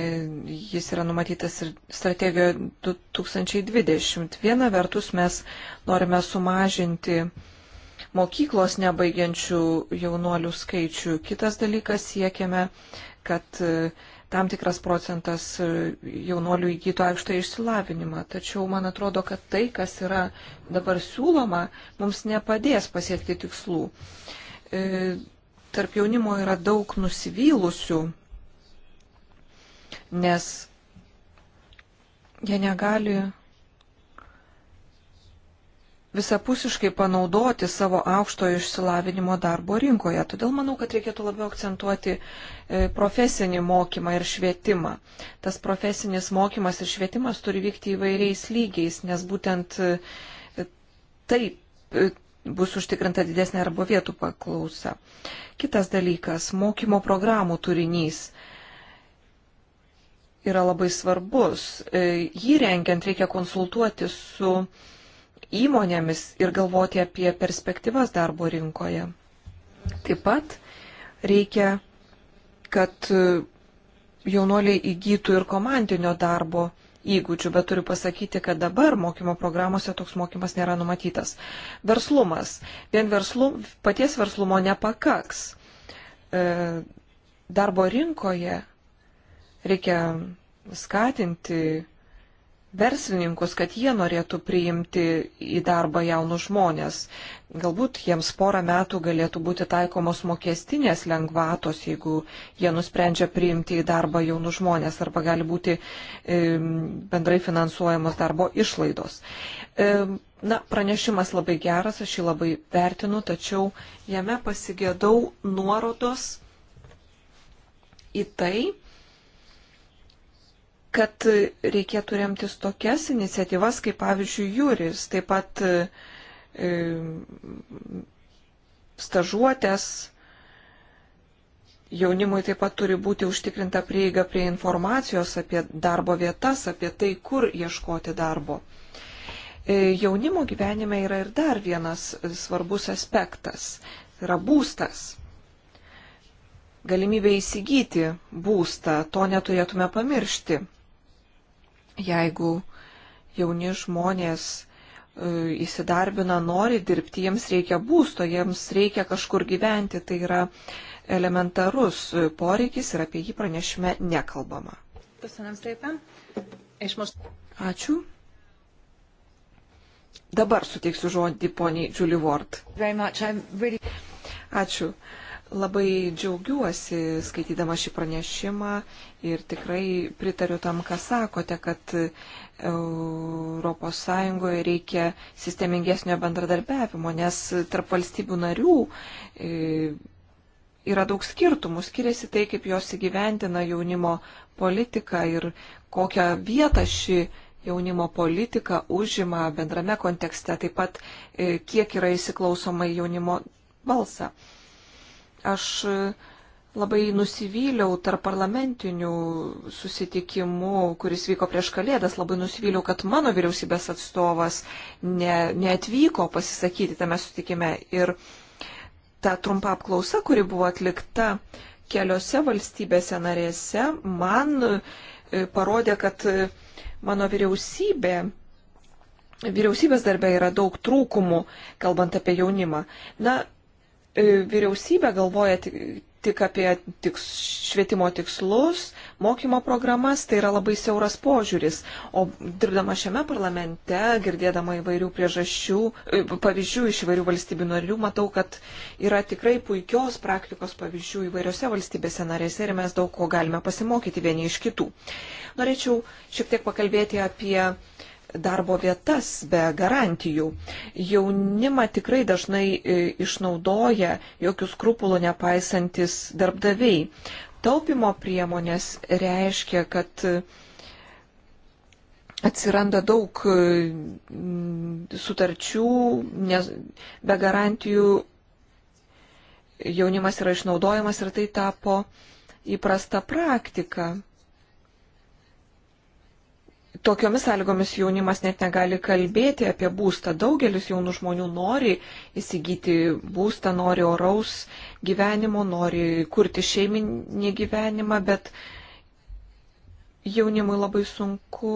jis yra numatytas ir strategijoje 2020. Viena vertus mes norime sumažinti mokyklos nebaigiančių jaunuolių skaičių. Kitas dalykas siekiame, kad e, tam tikras procentas e, jaunolių įgytų aukštą išsilavinimą. Tačiau man atrodo, kad tai, kas yra dabar siūloma, mums nepadės pasiekti tikslų. E, tarp jaunimo yra daug nusivylusių, nes jie negali visapusiškai panaudoti savo aukštojo išsilavinimo darbo rinkoje. Todėl manau, kad reikėtų labiau akcentuoti e, profesinį mokymą ir švietimą. Tas profesinis mokymas ir švietimas turi vykti įvairiais lygiais, nes būtent e, taip e, bus užtikrinta didesnė arba vietų paklausa. Kitas dalykas - mokymo programų turinys yra labai svarbus. Jį renkiant reikia konsultuoti su uh, įmonėmis ir galvoti apie perspektyvas darbo rinkoje. Taip pat reikia, kad jaunuoliai įgytų ir komandinio darbo įgūdžių, bet turiu pasakyti, kad dabar mokymo programuose toks mokymas nėra numatytas. Verslumas. Vien verslu, paties verslumo nepakaks. E, darbo rinkoje reikia skatinti verslininkus, kad jie norėtų priimti į darbą jaunus žmonės. Galbūt jiems porą metų galėtų būti taikomos mokestinės lengvatos, jeigu jie nusprendžia priimti į darbą jaunus žmonės, arba gali būti e, bendrai finansuojamos darbo išlaidos. E, na, pranešimas labai geras, aš jį labai vertinu, tačiau jame pasigėdau nuorodos į tai, kad reikėtų remtis tokias iniciatyvas, kaip pavyzdžiui, jūris, taip pat e, stažuotės jaunimui taip pat turi būti užtikrinta prieiga prie informacijos apie darbo vietas, apie tai, kur ieškoti darbo. E, jaunimo gyvenime yra ir dar vienas svarbus aspektas - tai yra būstas galimybė įsigyti būstą, to neturėtume pamiršti. Jeigu jauni žmonės e, įsidarbina, nori dirbti, jiems reikia būsto, jiems reikia kažkur gyventi, tai yra elementarus poreikis ir apie jį pranešime nekalbama. Ačiū. Dabar suteiksiu žodį poniai Julie Ward. Ačiū. Labai džiaugiuosi skaitydama šį pranešimą ir tikrai pritariu tam, ką sakote, kad ES reikia sistemingesnio bendradarbiavimo, nes tarp valstybių narių e, yra daug skirtumų, skiriasi tai, kaip jos įgyvendina jaunimo politiką ir kokią vietą ši jaunimo politika užima bendrame kontekste, taip pat e, kiek yra įsiklausoma į jaunimo balsą. Aš e, labai nusivyliau tarp parlamentinių susitikimų, kuris vyko prieš kalėdas, labai nusivyliau, kad mano vyriausybės atstovas ne, neatvyko pasisakyti tame sutikime. Ir ta trumpa apklausa, kuri buvo atlikta keliose valstybėse narėse, man e, parodė, kad e, mano vyriausybė vyriausybės darbė yra daug trūkumų, kalbant apie jaunimą. Na, E, vyriausybė galvoja tik, tik apie tiks, švietimo tikslus, mokymo programas, tai yra labai siauras požiūris. O dirbdama šiame parlamente, girdėdama įvairių priežasčių, e, pavyzdžių iš įvairių valstybių narių, matau, kad yra tikrai puikios praktikos pavyzdžių įvairiose valstybėse narėse ir mes daug ko galime pasimokyti vieni iš kitų. Norėčiau šiek tiek pakalbėti apie uh, darbo vietas be garantijų. Jaunimą tikrai dažnai e, išnaudoja jokių skrupulų nepaisantis darbdaviai. Taupimo priemonės reiškia, kad e, atsiranda daug e, sutarčių, nes be garantijų jaunimas yra išnaudojamas ir tai tapo įprasta praktika tokiomis sąlygomis jaunimas net negali kalbėti apie būstą. Daugelis jaunų žmonių nori įsigyti būstą, nori oraus gyvenimo, nori kurti šeiminį gyvenimą, bet jaunimui labai sunku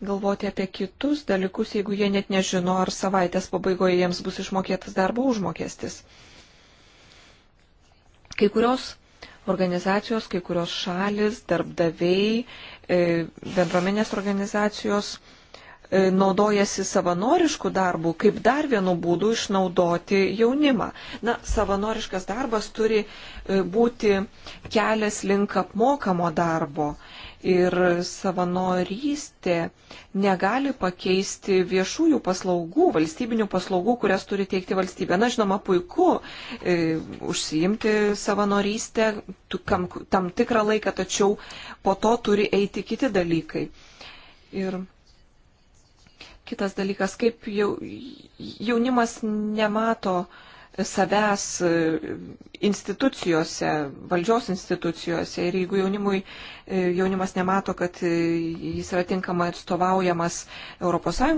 galvoti apie kitus dalykus, jeigu jie net nežino, ar savaitės pabaigoje jiems bus išmokėtas darbo užmokestis. Kai kurios organizacijos, kai kurios šalis, darbdaviai E, bendruomenės organizacijos e, naudojasi savanoriškų darbų kaip dar vienu būdu išnaudoti jaunimą. Na, savanoriškas darbas turi e, būti kelias link apmokamo darbo ir savanorystė negali pakeisti viešųjų paslaugų, valstybinių paslaugų, kurias turi teikti valstybė. Na, žinoma, puiku e, užsiimti savanorystę tu, kam, tam tikrą laiką, tačiau po to turi eiti kiti dalykai. Ir kitas dalykas, kaip jau, jaunimas nemato, e, savęs e, institucijose, valdžios institucijose ir jeigu jaunimui, e, jaunimas nemato, kad e, jis yra tinkamai atstovaujamas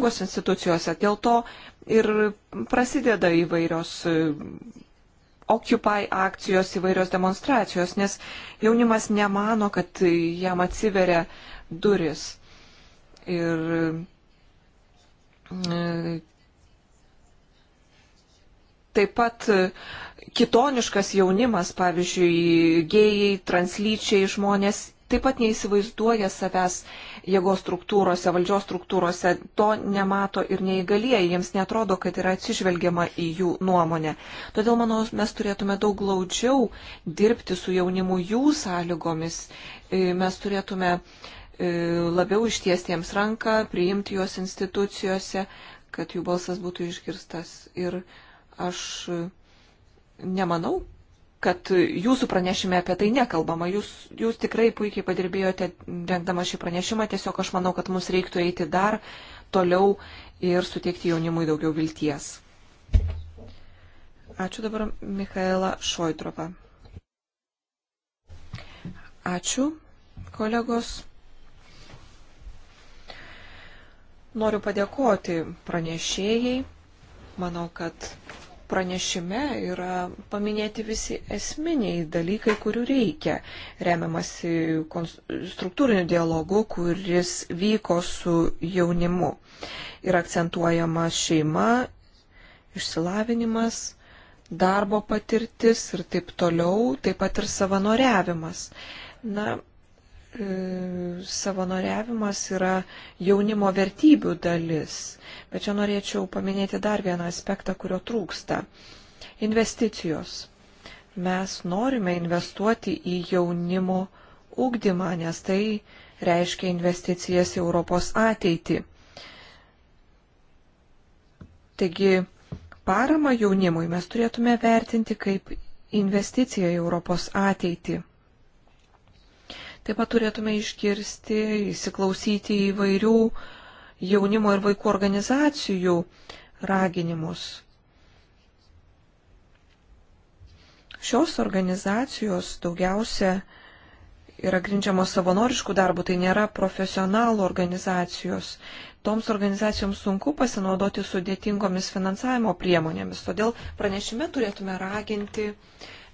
ES institucijose, dėl to ir prasideda įvairios Occupy akcijos įvairios demonstracijos, nes jaunimas nemano, kad jam atsiveria duris. Ir taip pat e, kitoniškas jaunimas, pavyzdžiui, gėjai, translyčiai žmonės taip pat neįsivaizduoja savęs jėgos struktūrose, valdžios struktūrose, to nemato ir neįgalieji, jiems netrodo, kad yra atsižvelgiama į jų nuomonę. Todėl, manau, mes turėtume daug glaudžiau dirbti su jaunimu jų sąlygomis, e, mes turėtume e, labiau ištiesti jiems ranką, priimti juos institucijose, kad jų balsas būtų išgirstas. Ir Aš nemanau, kad jūsų pranešime apie tai nekalbama. Jūs, jūs tikrai puikiai padirbėjote rengdama šį pranešimą, tiesiog aš manau, kad mums reiktų eiti dar toliau ir suteikti jaunimui daugiau vilties. Ačiū dabar Mikaela Šoitrova. Ačiū, kolegos. Noriu padėkoti pranešėjai. Manau, kad pranešime yra paminėti visi esminiai dalykai, kurių reikia, remiamasi struktūriniu dialogu, kuris vyko su jaunimu. Yra akcentuojama šeima, išsilavinimas, darbo patirtis ir taip toliau, taip pat ir savanoriavimas. Na, E, savanoriavimas yra jaunimo vertybių dalis. Bet čia norėčiau paminėti dar vieną aspektą, kurio trūksta. Investicijos. Mes norime investuoti į jaunimo ūkdymą, nes tai reiškia investicijas į Europos ateitį. Taigi, paramą jaunimui mes turėtume vertinti kaip investiciją į Europos ateitį. Taip pat turėtume išgirsti, įsiklausyti įvairių jaunimo ir vaikų organizacijų raginimus. Šios organizacijos daugiausia yra grindžiamos savanoriškų darbų, tai nėra profesionalų organizacijos. Toms organizacijoms sunku pasinaudoti sudėtingomis finansavimo priemonėmis, todėl pranešime turėtume raginti uh,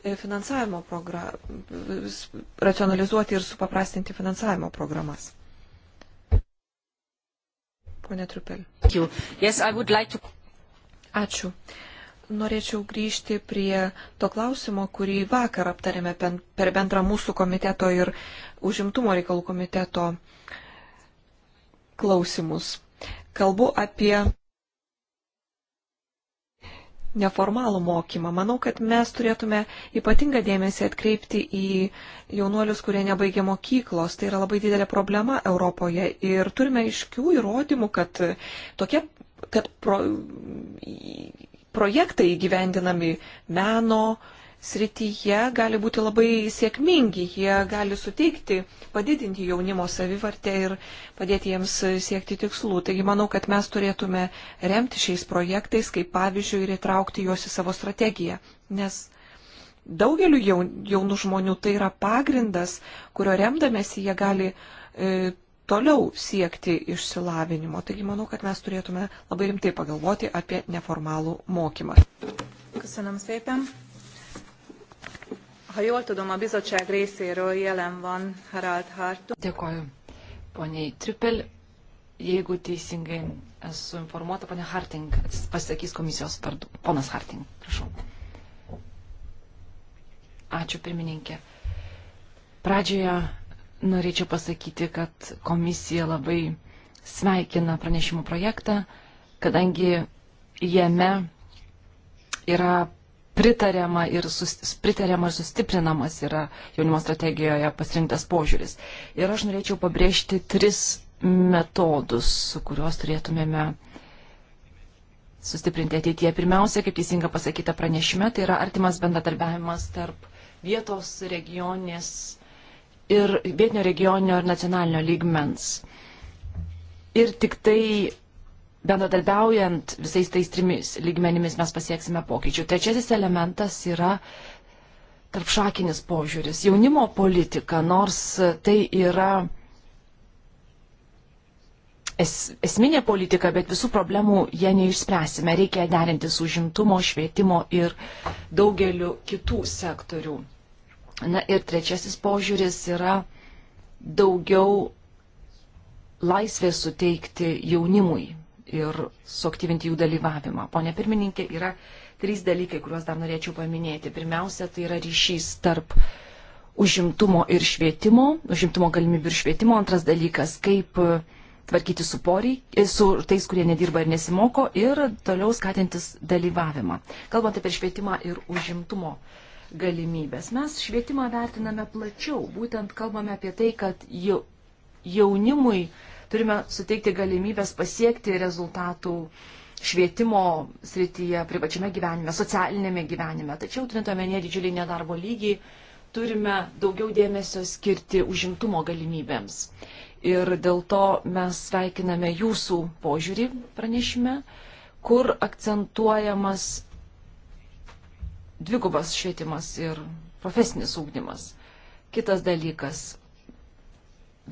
E, finansavimo programas, racionalizuoti ir supaprastinti finansavimo programas. Pone Trupel. Yes, like to... Ačiū. Norėčiau grįžti prie to klausimo, kurį vakar aptarėme per bendrą mūsų komiteto ir užimtumo reikalų komiteto klausimus. Kalbu apie neformalų mokymą. Manau, kad mes turėtume ypatingą dėmesį atkreipti į jaunuolius, kurie nebaigia mokyklos. Tai yra labai didelė problema Europoje ir turime iškių įrodymų, kad tokie kad pro, projektai įgyvendinami meno, srityje gali būti labai sėkmingi, jie gali suteikti, padidinti jaunimo savivartę ir padėti jiems siekti tikslų. Taigi manau, kad mes turėtume remti šiais projektais kaip pavyzdžių ir įtraukti juos į savo strategiją, nes daugeliu jaunų žmonių tai yra pagrindas, kurio remdamėsi jie gali e, toliau siekti išsilavinimo. Taigi manau, kad mes turėtume labai rimtai pagalvoti apie neformalų mokymą. Köszönöm szépen! Ha jól tudom, a bizottság részéről jelen van Harald Hartung. Dėkoju. Poniai Tripel, jeigu teisingai esu informuota, ponia Harting pasakys komisijos vardu. Ponas Harting, prašau. Ačiū pirmininkė. Pradžioje norėčiau pasakyti, kad komisija labai sveikina pranešimų projektą, kadangi jame yra pritariama ir, sus, pritariama ir sustiprinamas yra jaunimo strategijoje pasirinktas požiūris. Ir aš norėčiau pabrėžti tris metodus, kuriuos turėtumėme sustiprinti ateityje. Pirmiausia, kaip teisinga pasakyta pranešime, tai yra artimas bendradarbiavimas tarp vietos regionės ir vietinio regioninio ir nacionalinio lygmens. Ir tik tai bendradarbiaujant visais tais trimis lygmenimis mes pasieksime pokyčių. Trečiasis elementas yra tarpšakinis požiūris. Jaunimo politika, nors tai yra es, esminė politika, bet visų problemų jie neišspręsime. Reikia derinti su žimtumo, švietimo ir daugeliu kitų sektorių. Na ir trečiasis požiūris yra daugiau laisvės suteikti jaunimui ir suaktyvinti jų dalyvavimą. Pone pirmininkė, yra trys dalykai, kuriuos dar norėčiau paminėti. Pirmiausia, tai yra ryšys tarp užimtumo ir švietimo, užimtumo galimybių ir švietimo. Antras dalykas, kaip e, tvarkyti su, poreik, e, su tais, kurie nedirba ir nesimoko ir toliau skatintis dalyvavimą. Kalbant apie švietimą ir užimtumo galimybės, mes švietimą vertiname plačiau. Būtent kalbame apie tai, kad jaunimui Turime suteikti galimybės pasiekti rezultatų švietimo srityje, privačiame gyvenime, socialinėme gyvenime. Tačiau turint omenyje didžiulį nedarbo lygį, turime daugiau dėmesio skirti užimtumo galimybėms. Ir dėl to mes sveikiname jūsų požiūrį pranešime, kur akcentuojamas dvigubas švietimas ir profesinis ūkdymas. Kitas dalykas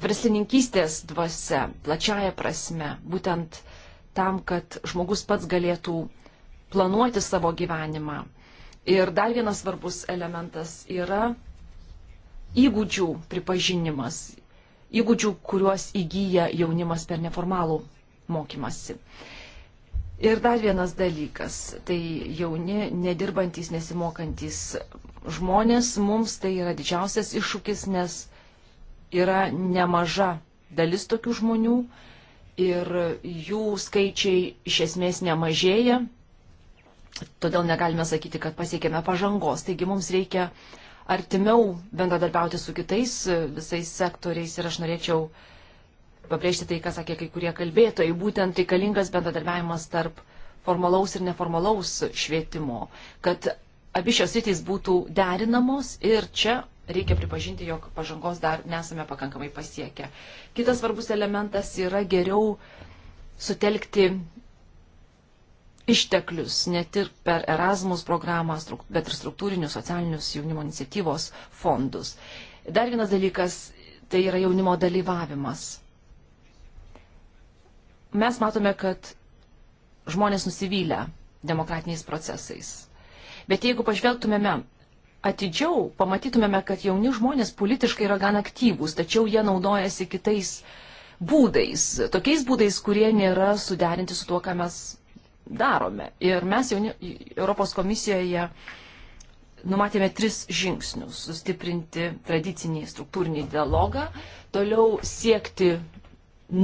Versininkystės dvasia, plačiaja prasme, būtent tam, kad žmogus pats galėtų planuoti savo gyvenimą. Ir dar vienas svarbus elementas yra įgūdžių pripažinimas, įgūdžių, kuriuos įgyja jaunimas per neformalų mokymasi. Ir dar vienas dalykas, tai jauni, nedirbantis, nesimokantis žmonės, mums tai yra didžiausias iššūkis, nes yra nemaža dalis tokių žmonių ir jų skaičiai iš esmės nemažėja, todėl negalime sakyti, kad pasiekėme pažangos. Taigi mums reikia artimiau bendradarbiauti su kitais e, visais sektoriais ir aš norėčiau pabrėžti tai, ką sakė kai kurie kalbėtojai, būtent reikalingas bendradarbiavimas tarp formalaus ir neformalaus švietimo, kad abi šios rytys būtų derinamos ir čia reikia pripažinti, jog pažangos dar nesame pakankamai pasiekę. Kitas svarbus elementas yra geriau sutelkti išteklius, ne tik per Erasmus programą, bet ir struktūrinius socialinius jaunimo iniciatyvos fondus. Dar vienas dalykas - tai yra jaunimo dalyvavimas. Mes matome, kad žmonės nusivylę demokratiniais procesais. Bet jeigu pažvelgtumėme atidžiau pamatytumėme, kad jauni žmonės politiškai yra gan aktyvūs, tačiau jie naudojasi kitais būdais, tokiais būdais, kurie nėra suderinti su tuo, ką mes darome. Ir mes jauni, Europos komisijoje numatėme tris žingsnius - sustiprinti tradicinį struktūrinį dialogą, toliau siekti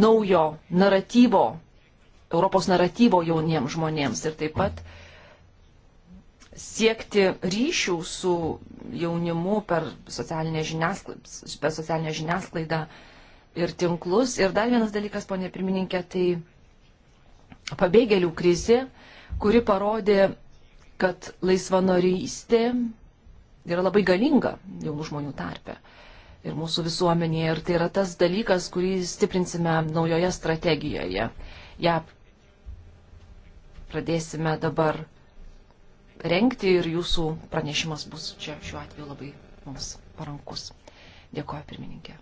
naujo naratyvo, Europos naratyvo jauniems žmonėms ir taip pat uh, siekti ryšių su jaunimu per socialinę žiniasklaidą, per socialinę žiniasklaidą ir tinklus. Ir dar vienas dalykas, ponė pirmininkė, tai pabėgėlių krizė, kuri parodė, kad laisvanorystė yra labai galinga jaunų žmonių tarpe ir mūsų visuomenėje. Ir tai yra tas dalykas, kurį stiprinsime naujoje strategijoje. Ja pradėsime dabar rengti ir jūsų pranešimas bus čia šiuo atveju labai mums parankus. Dėkuoju, pirmininkė.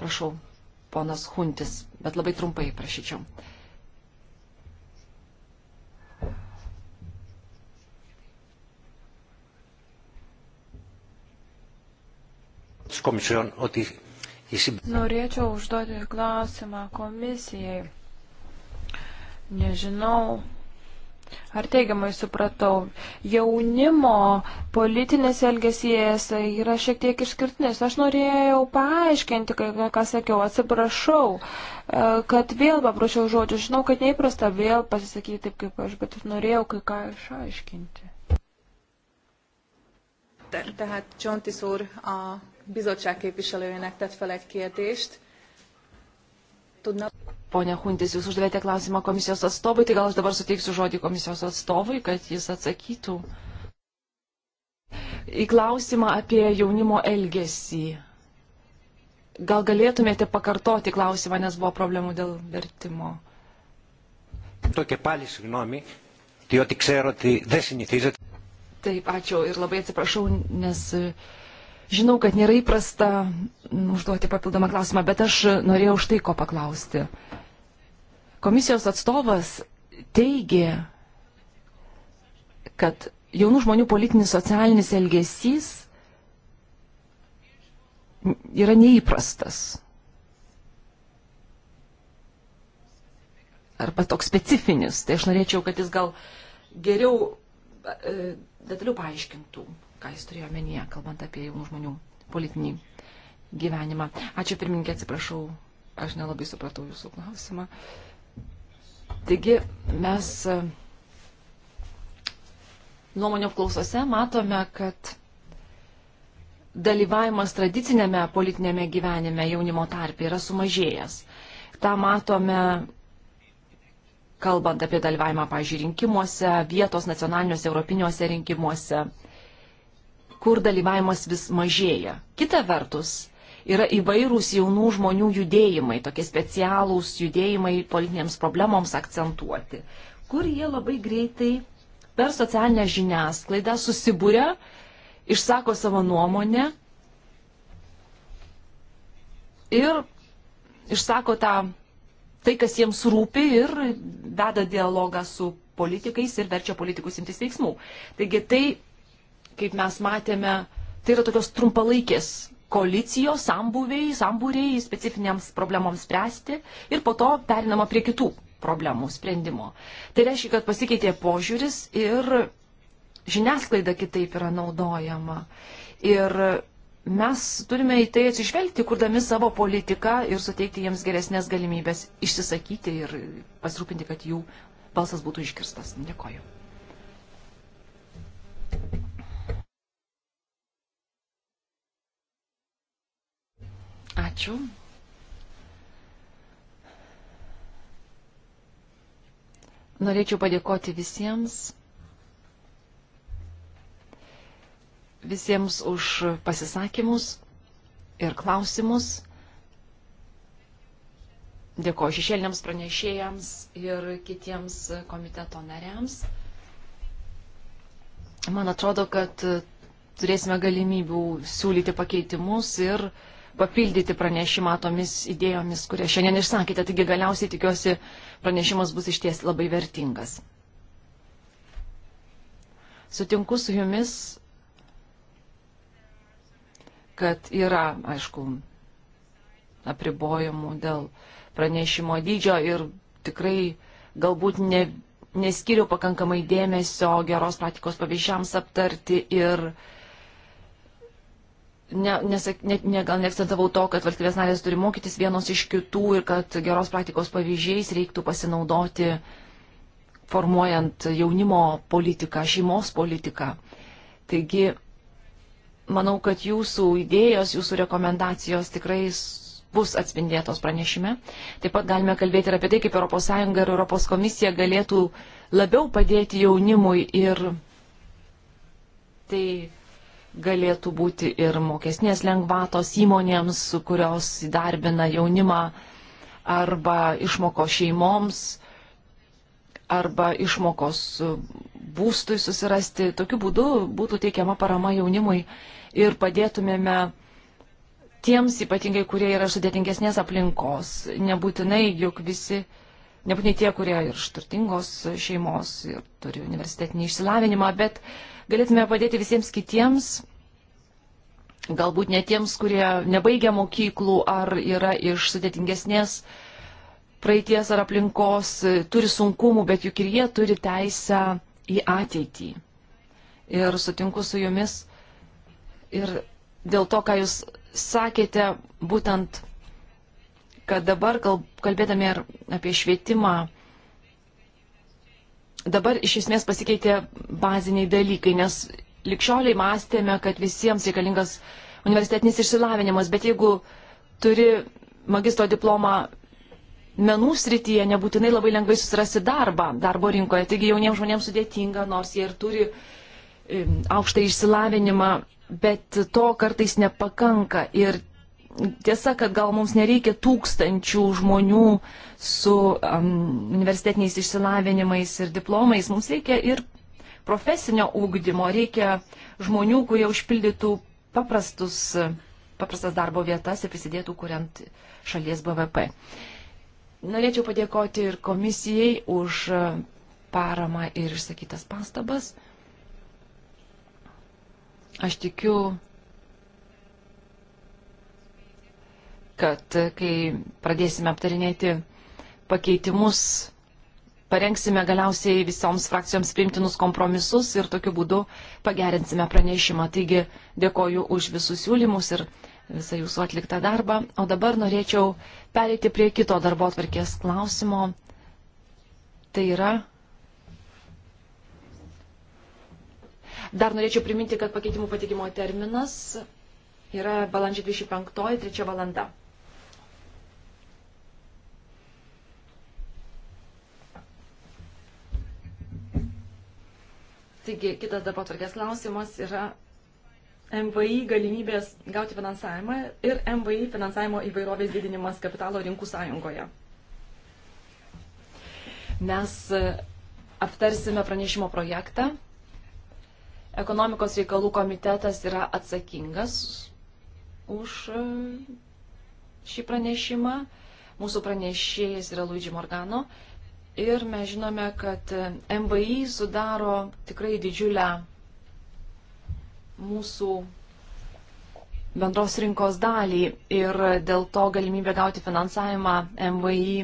Prašau, ponas Huntis, bet labai trumpai prašyčiau. komission ότι Norėčiau užduoti klausimą komisijai. Nežinau, Ar teigiamai supratau, jaunimo politinis elgesys yra šiek tiek išskirtinis. Aš norėjau paaiškinti, ką sakiau, atsiprašau, e, kad vėl paprašiau žodžių. Žinau, kad neįprasta vėl pasisakyti taip, kaip aš, bet norėjau kai ką išaiškinti. Tehát Csontis úr a bizottság képviselőjének tett fel egy kérdést. Tudna... Pone Huntis, jūs uždavėte klausimą komisijos atstovui, tai gal aš dabar suteiksiu žodį komisijos atstovui, kad jis atsakytų į klausimą apie jaunimo elgesį. Gal galėtumėte pakartoti klausimą, nes buvo problemų dėl vertimo. Tokia palis, gnomi, tai jo tik sero, tai desinitizat. Taip, ačiū ir labai atsiprašau, nes uh, Žinau, kad nėra įprasta mm, užduoti papildomą klausimą, bet aš norėjau štai ko paklausti. Komisijos atstovas teigė, kad jaunų žmonių politinis socialinis elgesys yra neįprastas. Arba toks specifinis. Tai aš norėčiau, kad jis gal geriau e, detaliau paaiškintų, ką jis turėjo menyje, kalbant apie jaunų žmonių politinį gyvenimą. Ačiū pirmininkė, atsiprašau, aš nelabai supratau jūsų klausimą. Taigi mes e, nuomonio apklausose matome, kad dalyvavimas tradicinėme politinėme gyvenime jaunimo tarpe yra sumažėjęs. Ta matome kalbant apie dalyvavimą, pavyzdžiui, rinkimuose, vietos nacionaliniuose, europiniuose rinkimuose kur dalyvavimas vis mažėja. Kita vertus, yra įvairūs jaunų žmonių judėjimai, tokie specialūs judėjimai politinėms problemoms akcentuoti, kur jie labai greitai per socialinę žiniasklaidą susibūrė, išsako savo nuomonę ir išsako tą, tai, kas jiems rūpi ir veda dialogą su politikais ir verčia politikus imtis veiksmų. Taigi tai kaip mes matėme, tai yra tokios trumpalaikės koalicijos, sambuviai, sambūriai specifinėms problemoms spręsti ir po to perinama prie kitų problemų sprendimo. Tai reiškia, kad pasikeitė požiūris ir žiniasklaida kitaip yra naudojama. Ir mes turime į tai atsižvelgti, kurdami savo politiką ir suteikti jiems geresnės galimybės išsisakyti ir pasirūpinti, kad jų balsas būtų iškirstas. Dėkoju. Ačiū. Norėčiau padėkoti visiems, visiems už pasisakymus ir klausimus. Dėkoju šešėliniams pranešėjams ir kitiems komiteto nariams. Man atrodo, kad turėsime galimybių siūlyti pakeitimus ir uh, papildyti pranešimą tomis idėjomis, kurias šiandien išsakėte. Taigi galiausiai tikiuosi, pranešimas bus išties labai vertingas. Sutinku su jumis, kad yra, aišku, apribojimų dėl pranešimo dydžio ir tikrai galbūt ne, neskiriu pakankamai dėmesio geros praktikos pavyzdžiams aptarti ir uh, ne, nesak, ne, ne, gal neakcentavau to, kad valstybės narės turi mokytis vienos iš kitų ir kad geros praktikos pavyzdžiais reiktų pasinaudoti formuojant jaunimo politiką, šeimos politiką. Taigi, manau, kad jūsų idėjos, jūsų rekomendacijos tikrai bus atspindėtos pranešime. Taip pat galime kalbėti ir apie tai, kaip ES ir ES komisija galėtų labiau padėti jaunimui ir tai galėtų būti ir mokesnės lengvatos įmonėms, kurios įdarbina jaunimą, arba išmoko šeimoms, arba išmokos būstui susirasti. Tokiu būdu būtų teikiama parama jaunimui ir padėtumėme tiems ypatingai, kurie yra sudėtingesnės aplinkos. Nebūtinai juk visi nebūtinai tie, kurie ir iš turtingos šeimos ir turi universitetinį išsilavinimą, bet galėtume padėti visiems kitiems, galbūt ne tiems, kurie nebaigia mokyklų ar yra iš sudėtingesnės praeities ar aplinkos, turi sunkumų, bet juk ir jie turi teisę į ateitį. Ir sutinku su jumis ir dėl to, ką jūs sakėte, būtent, kad dabar kalbėdami ir apie švietimą, dabar iš esmės pasikeitė baziniai dalykai, nes likščioliai mąstėme, kad visiems reikalingas universitetinis išsilavinimas, bet jeigu turi magisto diplomą menų srityje, nebūtinai labai lengvai susirasti darbą darbo rinkoje. Taigi jauniems žmonėms sudėtinga, nors jie ir turi aukštą išsilavinimą, bet to kartais nepakanka. Ir tiesa, kad gal mums nereikia tūkstančių žmonių su um, universitetiniais išsilavinimais ir diplomais, mums reikia ir profesinio ūkdymo, reikia žmonių, kurie užpildytų paprastus, paprastas darbo vietas ir prisidėtų kuriant šalies BVP. Norėčiau padėkoti ir komisijai už paramą ir išsakytas pastabas. Aš tikiu, kad kai pradėsime aptarinėti pakeitimus, parengsime galiausiai visoms frakcijoms priimtinus kompromisus ir tokiu būdu pagerinsime pranešimą. Taigi dėkoju už visus siūlymus ir visą jūsų atliktą darbą. O dabar norėčiau pereiti prie kito darbo atvarkės klausimo. Tai yra. Dar norėčiau priminti, kad pakeitimų patikimo terminas yra balandžio 25-3 valanda. Taigi, kitas darbo tvarkės klausimas yra MVI galimybės gauti finansavimą ir MVI finansavimo įvairovės didinimas kapitalo rinkų sąjungoje. Mes e, aptarsime pranešimo projektą. Ekonomikos reikalų komitetas yra atsakingas už e, šį pranešimą. Mūsų pranešėjas yra Luigi Morgano. Ir mes žinome, kad MVI sudaro tikrai didžiulę mūsų bendros rinkos dalį ir dėl to galimybė gauti finansavimą MVI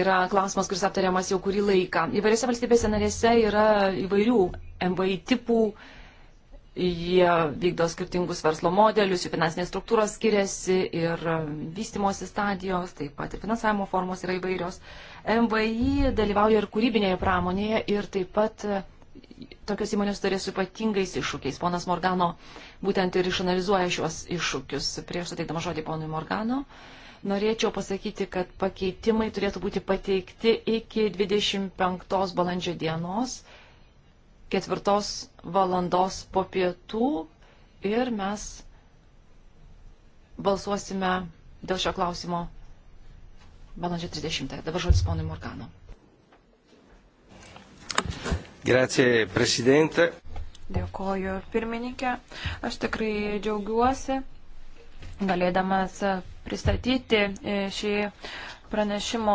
yra klausimas, kuris aptariamas jau kurį laiką. Įvairiose valstybėse narėse yra įvairių MVI tipų, jie vykdo skirtingus verslo modelius, jų finansinės struktūros skiriasi ir vystimosi stadijos, taip pat ir finansavimo formos yra įvairios. MVI dalyvauja ir kūrybinėje pramonėje ir taip pat e, tokios įmonės turės ypatingais iššūkiais. Ponas Morgano būtent ir išanalizuoja šiuos iššūkius. Prieš suteikdama žodį ponui Morgano, norėčiau pasakyti, kad pakeitimai turėtų būti pateikti iki 25 balandžio dienos, 4 valandos po pietų ir mes balsuosime dėl šio klausimo balandžio 30. Dabar žodis ponui Morgano. Grazie, prezidente. Dėkoju, pirmininkė. Aš tikrai džiaugiuosi galėdamas pristatyti e, šį pranešimo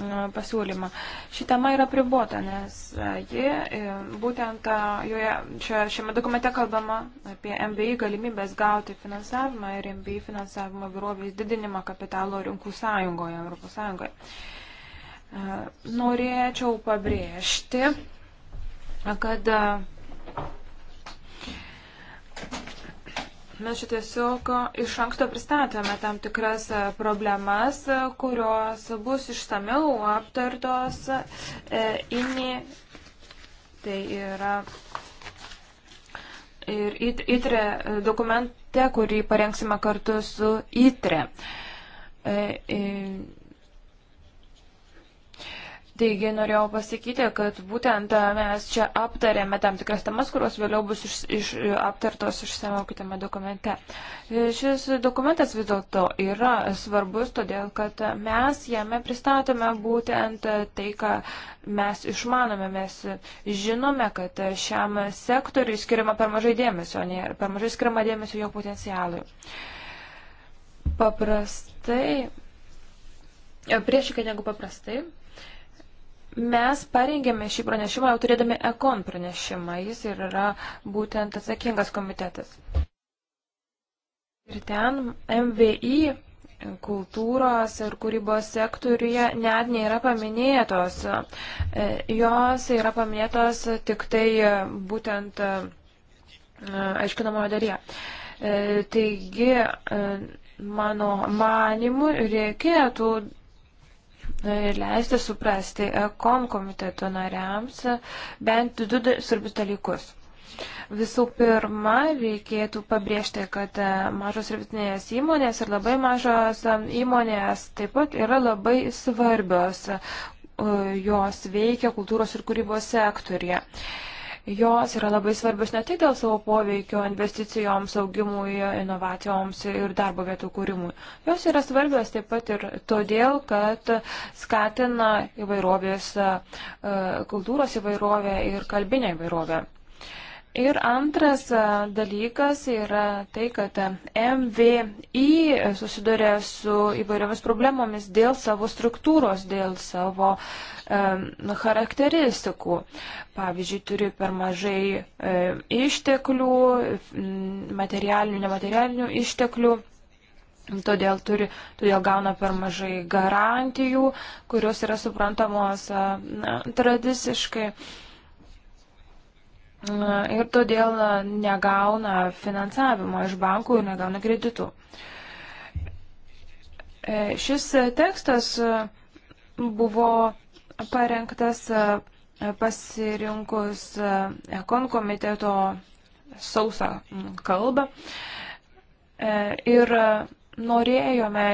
mm, pasiūlymą. Ši tema yra pribuota, nes e, ji e, būtent e, joje, čia, šiame dokumente kalbama apie MBI galimybės gauti finansavimą ir MBI finansavimo vyrovės didinimą kapitalo rinkų sąjungoje, Europos sąjungoje. Norėčiau pabrėžti, kad Mes čia tiesiog iš anksto pristatome tam tikras e, problemas, e, kurios bus išsameu aptartos e, INI. Tai yra ir ITRE dokumente, kurį parengsime kartu su ITRE. E, e, Taigi norėjau pasakyti, kad būtent e, mes čia aptarėme tam tikras temas, kurios vėliau bus iš, iš, aptartos išsamiau kitame dokumente. E, šis dokumentas vis dėlto yra svarbus, todėl kad mes jame pristatome būtent e, tai, ką mes išmanome. Mes žinome, kad šiam sektoriui skiriama per mažai dėmesio, ne, per mažai skiriama dėmesio jo potencialui. Paprastai, priešikai negu paprastai Mes parengėme šį pranešimą jau turėdami ekon pranešimą. Jis ir yra būtent atsakingas komitetas. Ir ten MVI kultūros ir kūrybos sektoriuje net nėra paminėtos. E, jos yra paminėtos tik tai e, būtent e, aiškinamojo dalyje. Taigi, mano manimu, reikėtų ir leisti suprasti e, kom komiteto nariams e, bent du svarbius dalykus. Visų pirma, reikėtų pabrėžti, kad e, mažos ir vidutinės įmonės ir labai mažos įmonės taip pat yra labai svarbios, jos veikia kultūros ir kūrybos sektorija. Jos yra labai svarbios ne tik dėl savo poveikio investicijoms, augimui, inovacijoms ir darbo vietų kūrimui. Jos yra svarbios taip pat ir todėl, kad skatina įvairovės, e, kultūros įvairovę ir kalbinę įvairovę. Ir antras e, dalykas yra tai, kad MVI susiduria su įvairiomis problemomis dėl savo struktūros, dėl savo um, charakteristikų. Pavyzdžiui, turi per mažai um, išteklių, materialinių, nematerialinių išteklių. Todėl, turi, todėl gauna per mažai garantijų, kurios yra suprantamos na, tradiciškai. Uh, Mm, ir todėl e, negauna finansavimo iš bankų ir negauna kreditų. E, šis tekstas e, buvo parengtas pasirinkus Ekon komiteto sausą kalbą ir norėjome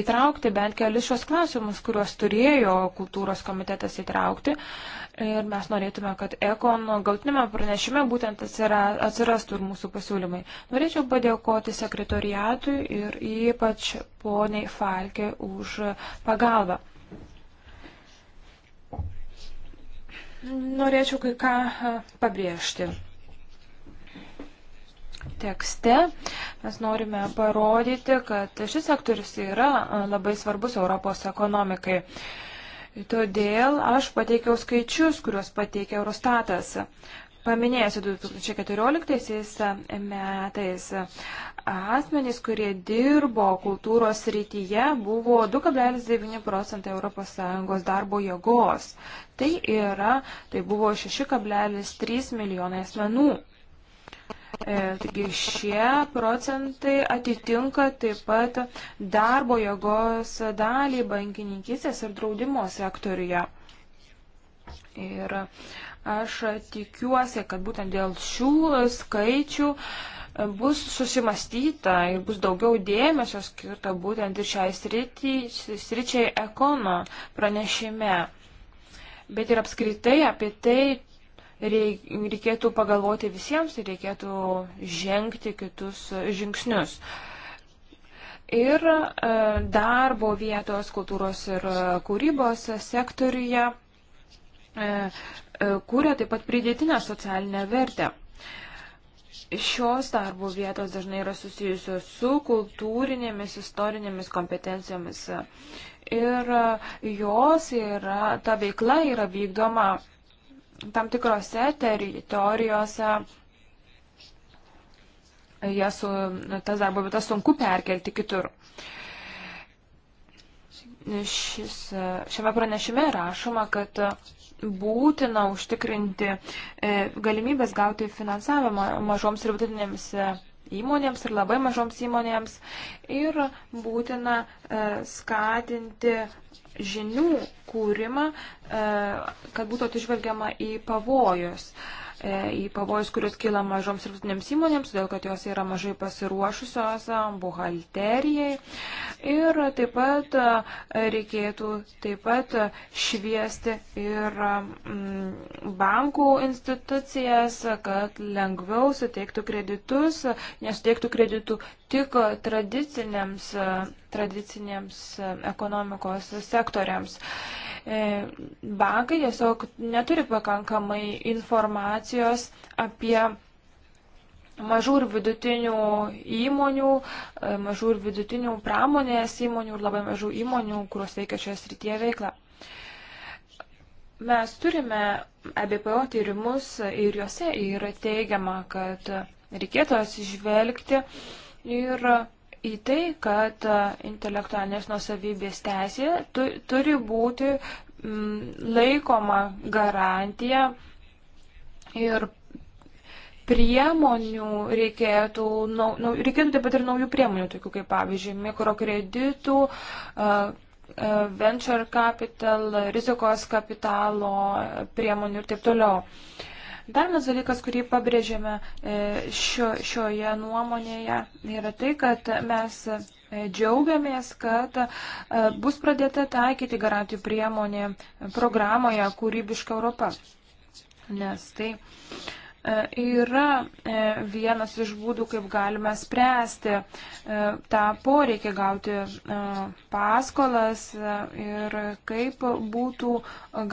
įtraukti bent kelis šios klausimus, kuriuos turėjo kultūros komitetas įtraukti Ir mes norėtume, kad Ekon galtinėme pranešime būtent atsirastų ir mūsų pasiūlymai. Norėčiau padėkoti sekretoriatui ir ypač poniai Falkė už pagalbą. Norėčiau kai ką pabrėžti. Tekste mes norime parodyti, kad šis sektorius yra labai svarbus Europos ekonomikai. Uh, Todėl aš pateikiau skaičius, kuriuos pateikė Eurostatas. Paminėsiu 2014 metais asmenys, kurie dirbo kultūros rytyje, buvo 2,9 procentai ES darbo jėgos. Tai yra, tai buvo 6,3 milijonai asmenų. E, taigi šie procentai atitinka taip pat darbo jėgos dalį bankininkysės ir draudimo sektoriuje. Ir aš tikiuosi, kad būtent dėl šių skaičių bus susimastyta ir bus daugiau dėmesio skirta būtent ir šiai sričiai ekono pranešime. Bet ir apskritai apie tai, reikėtų pagalvoti visiems ir reikėtų žengti kitus žingsnius. Ir e, darbo vietos kultūros ir kūrybos sektoriuje e, e, kūrė taip pat pridėtinę socialinę vertę. Šios darbo vietos dažnai yra susijusios su kultūrinėmis, istorinėmis kompetencijomis. Ir jos yra, ta veikla yra vykdoma tam tikrose teritorijose su, tas darbo vietas sunku perkelti kitur. Šis, šiame pranešime rašoma, kad būtina užtikrinti e, galimybės gauti finansavimą mažoms ir vidutinėms e, įmonėms ir labai mažoms įmonėms ir būtina e, skatinti žinių kūrimą, e, kad būtų atižvelgiama į pavojus. E, į pavojus, kurios kyla mažoms ir vidutinėms įmonėms, todėl kad jos yra mažai pasiruošusios buhalterijai. Ir taip pat e, reikėtų taip pat šviesti ir mm, bankų institucijas, kad lengviau suteiktų kreditus, nesuteiktų kreditų tik tradiciniams tradiciniams e, ekonomikos sektoriams. E, bankai tiesiog neturi pakankamai informacijos apie mažų ir vidutinių įmonių, e, mažų ir vidutinių pramonės įmonių ir labai mažų įmonių, kurios veikia šioje srityje veikla. Mes turime EBPO tyrimus ir juose yra teigiama, kad reikėtų atsižvelgti ir į tai, kad e, intelektualinės nusavybės teisė turi būti mm, laikoma garantija ir priemonių reikėtų, nu, nu, reikėtų taip pat ir naujų priemonių, tokių kaip pavyzdžiui mikrokreditų, e, e, venture capital, rizikos kapitalo priemonių ir taip toliau. Uh, Dar vienas dalykas, kurį pabrėžėme e, šio, šioje nuomonėje, yra tai, kad mes e, džiaugiamės, kad e, bus pradėta taikyti garantijų priemonė programoje Kūrybiška Europa. Nes tai E, yra e, vienas iš būdų, kaip galime spręsti e, tą poreikį gauti paskolas ir kaip būtų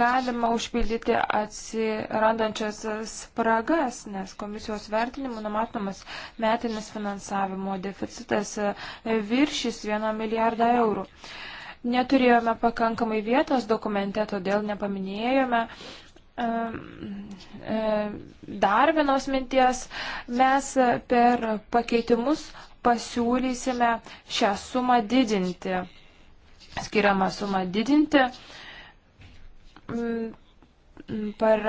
galima užpildyti atsirandančias spragas, nes komisijos vertinimu numatomas metinis finansavimo deficitas viršys 1 milijardą eurų. Neturėjome pakankamai vietos dokumente, todėl nepaminėjome dar vienos minties. Mes e, per pakeitimus pasiūlysime šią sumą didinti, skiriamą sumą didinti. Par,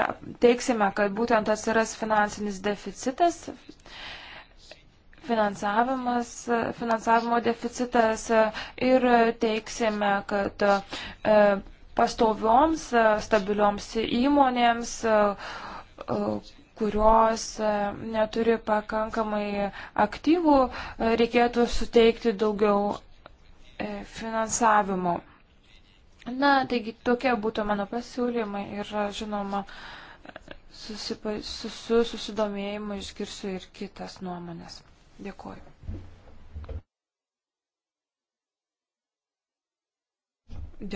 teiksime, kad būtent atsiras finansinis deficitas, finansavimas, finansavimo deficitas ir teiksime, kad e, pastovioms, e, stabilioms įmonėms, e, e, kurios neturi pakankamai aktyvų, reikėtų suteikti daugiau finansavimo. Na, taigi tokie būtų mano pasiūlymai ir, žinoma, susipa, su, su susidomėjimu išgirsiu ir kitas nuomonės. Dėkuoju.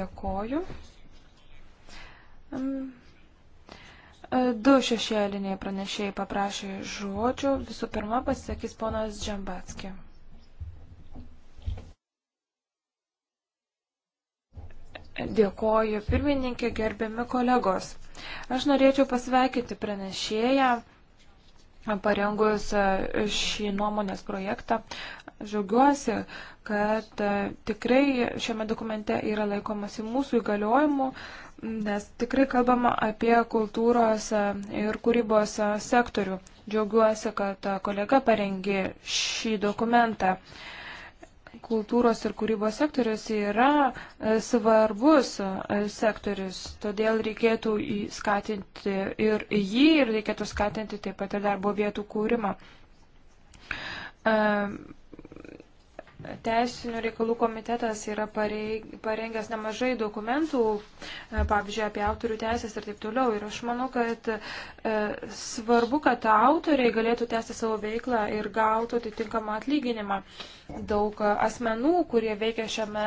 Dėkuoju. E, du šešėliniai pranešėjai paprašė žodžių. Visų pirma, pasisakys ponas Džambatski. Dėkoju pirmininkė, gerbiami kolegos. Aš norėčiau pasveikinti pranešėją parengus e, šį nuomonės projektą. Žiaugiuosi, kad e, tikrai šiame dokumente yra laikomasi mūsų įgaliojimų nes tikrai kalbama apie kultūros e, ir kūrybos e, sektorių. Džiaugiuosi, kad e, kolega parengė šį dokumentą. Kultūros ir kūrybos sektorius yra svarbus sektorius, todėl reikėtų skatinti ir jį, ir reikėtų skatinti taip pat ir darbo vietų kūrimą. Teisinių reikalų komitetas yra parengęs nemažai dokumentų, e, pavyzdžiui, apie autorių teisės ir taip toliau. Ir aš manau, kad e, svarbu, kad autoriai galėtų tęsti savo veiklą ir gautų atitinkamą atlyginimą. Daug e, asmenų, kurie veikia šiame,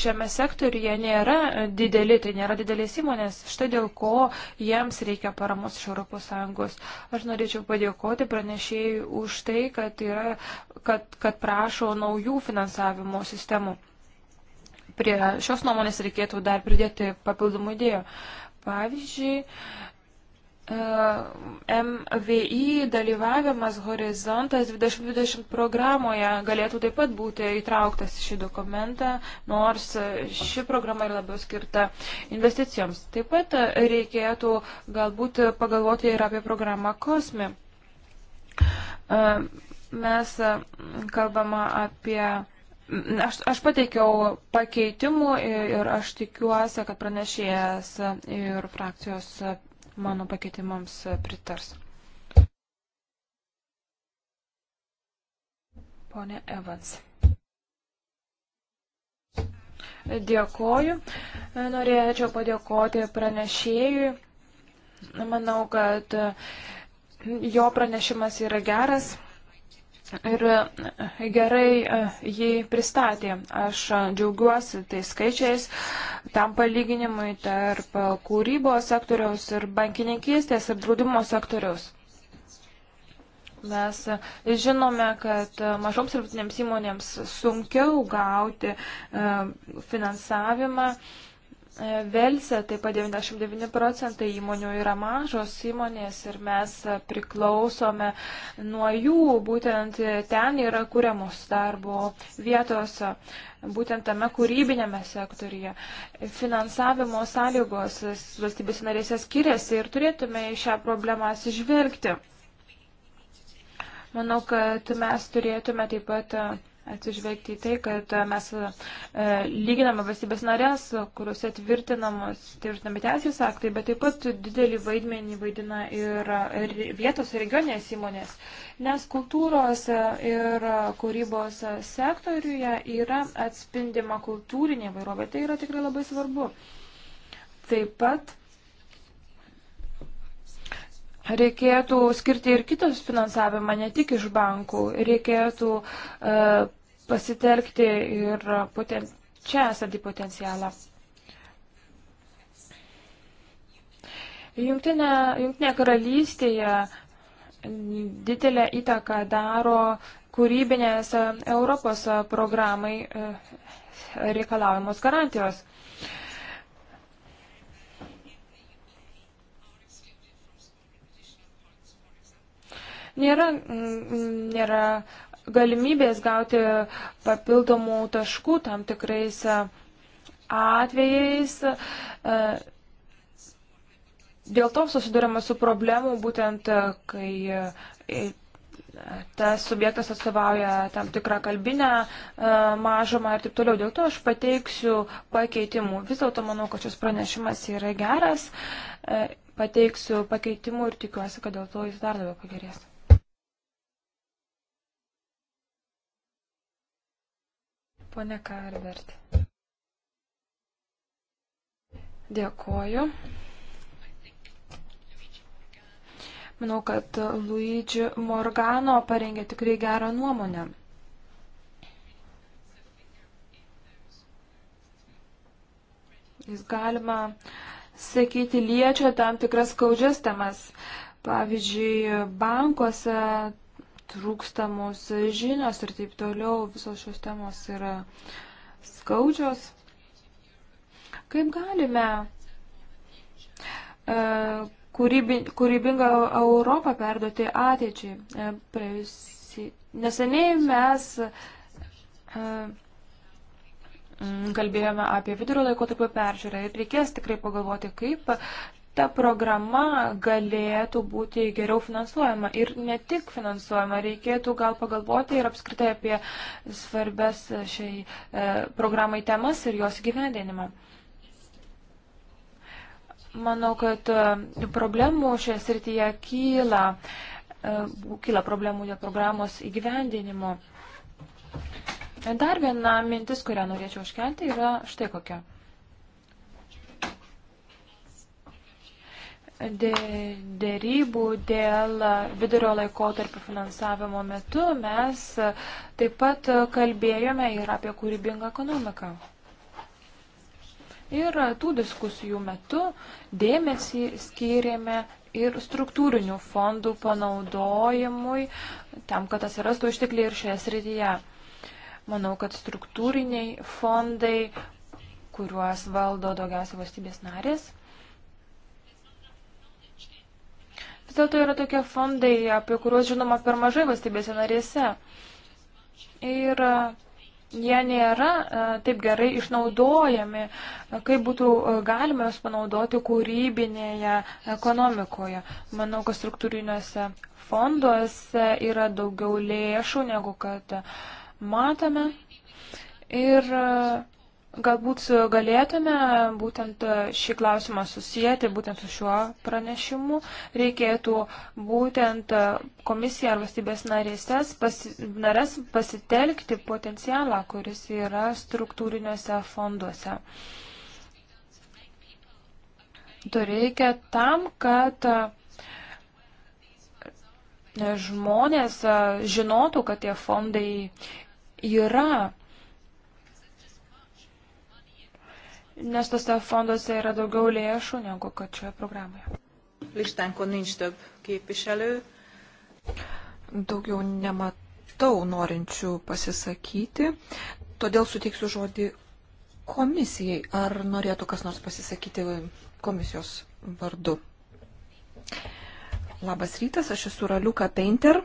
šiame sektoriuje, nėra dideli, tai nėra didelės įmonės. Štai dėl ko jiems reikia paramos iš ES. Aš norėčiau padėkoti pranešėjai už tai, kad, yra, kad, kad pra prašo naujų finansavimo sistemų. Prie šios nuomonės reikėtų dar pridėti papildomų idėjų. Pavyzdžiui, e, MVI dalyvavimas Horizontas 2020 programoje galėtų taip pat būti įtrauktas į šį dokumentą, nors ši programa yra labiau skirta investicijoms. Taip pat reikėtų galbūt pagalvoti ir apie programą Kosmi. E, Mes e, kalbama apie. Aš, aš pateikiau pakeitimų ir aš tikiuosi, kad pranešėjas ir frakcijos mano pakeitimams pritars. Pone Evans. Dėkoju. Norėčiau padėkoti pranešėjui. Manau, kad jo pranešimas yra geras. Ir e, gerai e, jį pristatė. Aš e, džiaugiuosi tai skaičiais tam palyginimui tarp kūrybos sektoriaus ir bankininkystės ir draudimo sektoriaus. Mes žinome, kad mažoms ir vidutinėms įmonėms sunkiau gauti finansavimą. E, Velse taip pat 99 procentai įmonių yra mažos įmonės ir mes priklausome nuo jų, būtent ten yra kuriamos darbo vietos, būtent tame kūrybinėme sektorija. Finansavimo sąlygos valstybės narėse skiriasi ir turėtume į šią problemą atsižvelgti. Manau, kad mes turėtume taip pat atsižvelgti į tai, kad e, mes e, lyginame valstybės narės, kuriuose tvirtinamos, tvirtinami teisės aktai, bet taip pat didelį vaidmenį vaidina ir vietos regioninės įmonės, nes kultūros e, ir kūrybos sektoriuje yra atspindima kultūrinė vairovė. Tai yra tikrai labai svarbu. Taip pat reikėtų skirti ir kitos finansavimą, ne tik iš bankų. Reikėtų uh, pasitelkti ir poten čia esantį potencialą. Jungtinė, Jungtinė karalystėje didelę įtaką daro kūrybinės Europos programai e, reikalaujamos garantijos. Nėra, nėra galimybės gauti papildomų taškų tam tikrais e, atvejais. E, dėl to susidurėme su problemu būtent, e, kai tas subjektas atstovauja tam tikrą kalbinę mažumą ir taip toliau. Dėl to aš pateiksiu pakeitimų. Vis dėlto manau, kad šis pranešimas yra geras. Pateiksiu pakeitimų ir tikiuosi, kad dėl to jis dar labiau pagerės. Pone Karvert. Dėkoju. Manau, kad Luigi Morgano parengė tikrai gerą nuomonę. Jis galima sakyti liečia tam tikras skaudžias temas. Pavyzdžiui, bankuose trūkstamos žinios ir taip toliau. Visos šios temos yra skaudžios. Kaip galime e, kūrybingą Europą perduoti ateičiai? E, neseniai mes e, kalbėjome apie vidurio laikotarpio peržiūrą ir reikės tikrai pagalvoti, kaip ta programa galėtų būti geriau finansuojama. Ir ne tik finansuojama, reikėtų gal pagalvoti ir apskritai apie svarbes šiai e, programai temas ir jos gyvendinimą. Manau, kad e, problemų šioje srityje kyla, e, kyla problemų dėl programos įgyvendinimo. Dar viena mintis, kurią norėčiau iškelti, yra štai kokia. dėrybų dėl vidurio laiko tarp finansavimo metu mes taip pat kalbėjome ir apie kūrybingą ekonomiką. Ir tų diskusijų metu dėmesį skyrėme ir struktūrinių fondų panaudojimui, tam, kad atsirastų ištekliai ir šioje srityje. Manau, kad struktūriniai fondai, kuriuos valdo daugiausia valstybės narės, Vis dėlto yra tokie fondai, apie kuriuos žinoma per mažai valstybėse narėse. Ir e, jie nėra e, taip gerai išnaudojami, e, kaip būtų galima juos panaudoti kūrybinėje ekonomikoje. Manau, kad struktūriniuose fonduose yra daugiau lėšų negu kad matome. Ir uh, Galbūt galėtume būtent šį klausimą susijęti, būtent su šiuo pranešimu. Reikėtų būtent komisiją ar valstybės narėses, pasi, narės pasitelkti potencialą, kuris yra struktūriniuose fonduose. To reikia tam, kad žmonės žinotų, kad tie fondai yra nes tose fonduose yra daugiau lėšų negu kad šioje programoje. Listánkon nincs több képviselő. Daugiau nematau norinčių pasisakyti, todėl suteiksiu žodį komisijai. Ar norėtų kas nors pasisakyti komisijos vardu? Labas rytas, aš esu Raliuka Painter,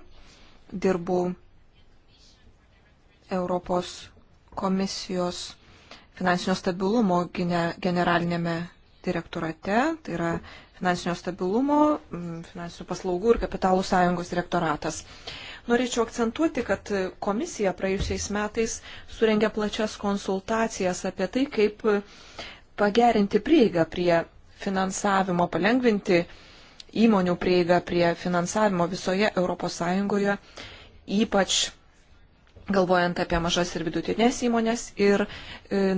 dirbu Europos komisijos finansinio stabilumo generalinėme direktorate, tai yra finansinio stabilumo, finansinių paslaugų ir kapitalų sąjungos direktoratas. Norėčiau akcentuoti, kad komisija praėjusiais metais surengė plačias konsultacijas apie tai, kaip pagerinti prieigą prie finansavimo, palengvinti įmonių prieigą prie finansavimo visoje ES, ypač galvojant apie mažas ir vidutinės įmonės ir e,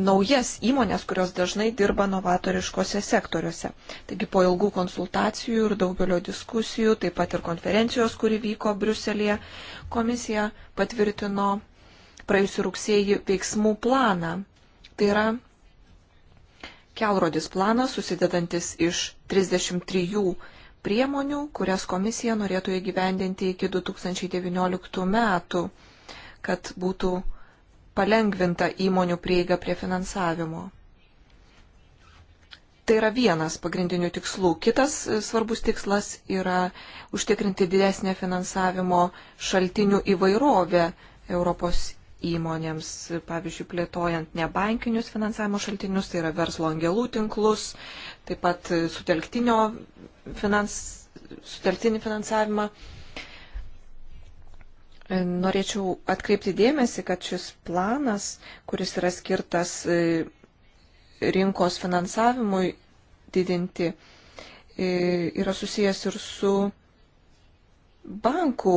naujas įmonės, kurios dažnai dirba novatoriškose sektoriuose. Taigi po ilgų konsultacijų ir daugelio diskusijų, taip pat ir konferencijos, kuri vyko Briuselėje, komisija patvirtino praėjusiu rugsėjį veiksmų planą. Tai yra kelrodis planas, susidedantis iš 33 priemonių, kurias komisija norėtų įgyvendinti iki 2019 metų kad būtų palengvinta įmonių prieiga prie finansavimo. Tai yra vienas pagrindinių tikslų. Kitas e, svarbus tikslas yra užtikrinti didesnę finansavimo šaltinių įvairovę Europos įmonėms, pavyzdžiui, plėtojant nebankinius finansavimo šaltinius, tai yra verslo angelų tinklus, taip pat sutelktinio finans, sutelktinį finansavimą. Norėčiau atkreipti dėmesį, kad šis planas, kuris yra skirtas e, rinkos finansavimui didinti, e, yra susijęs ir su bankų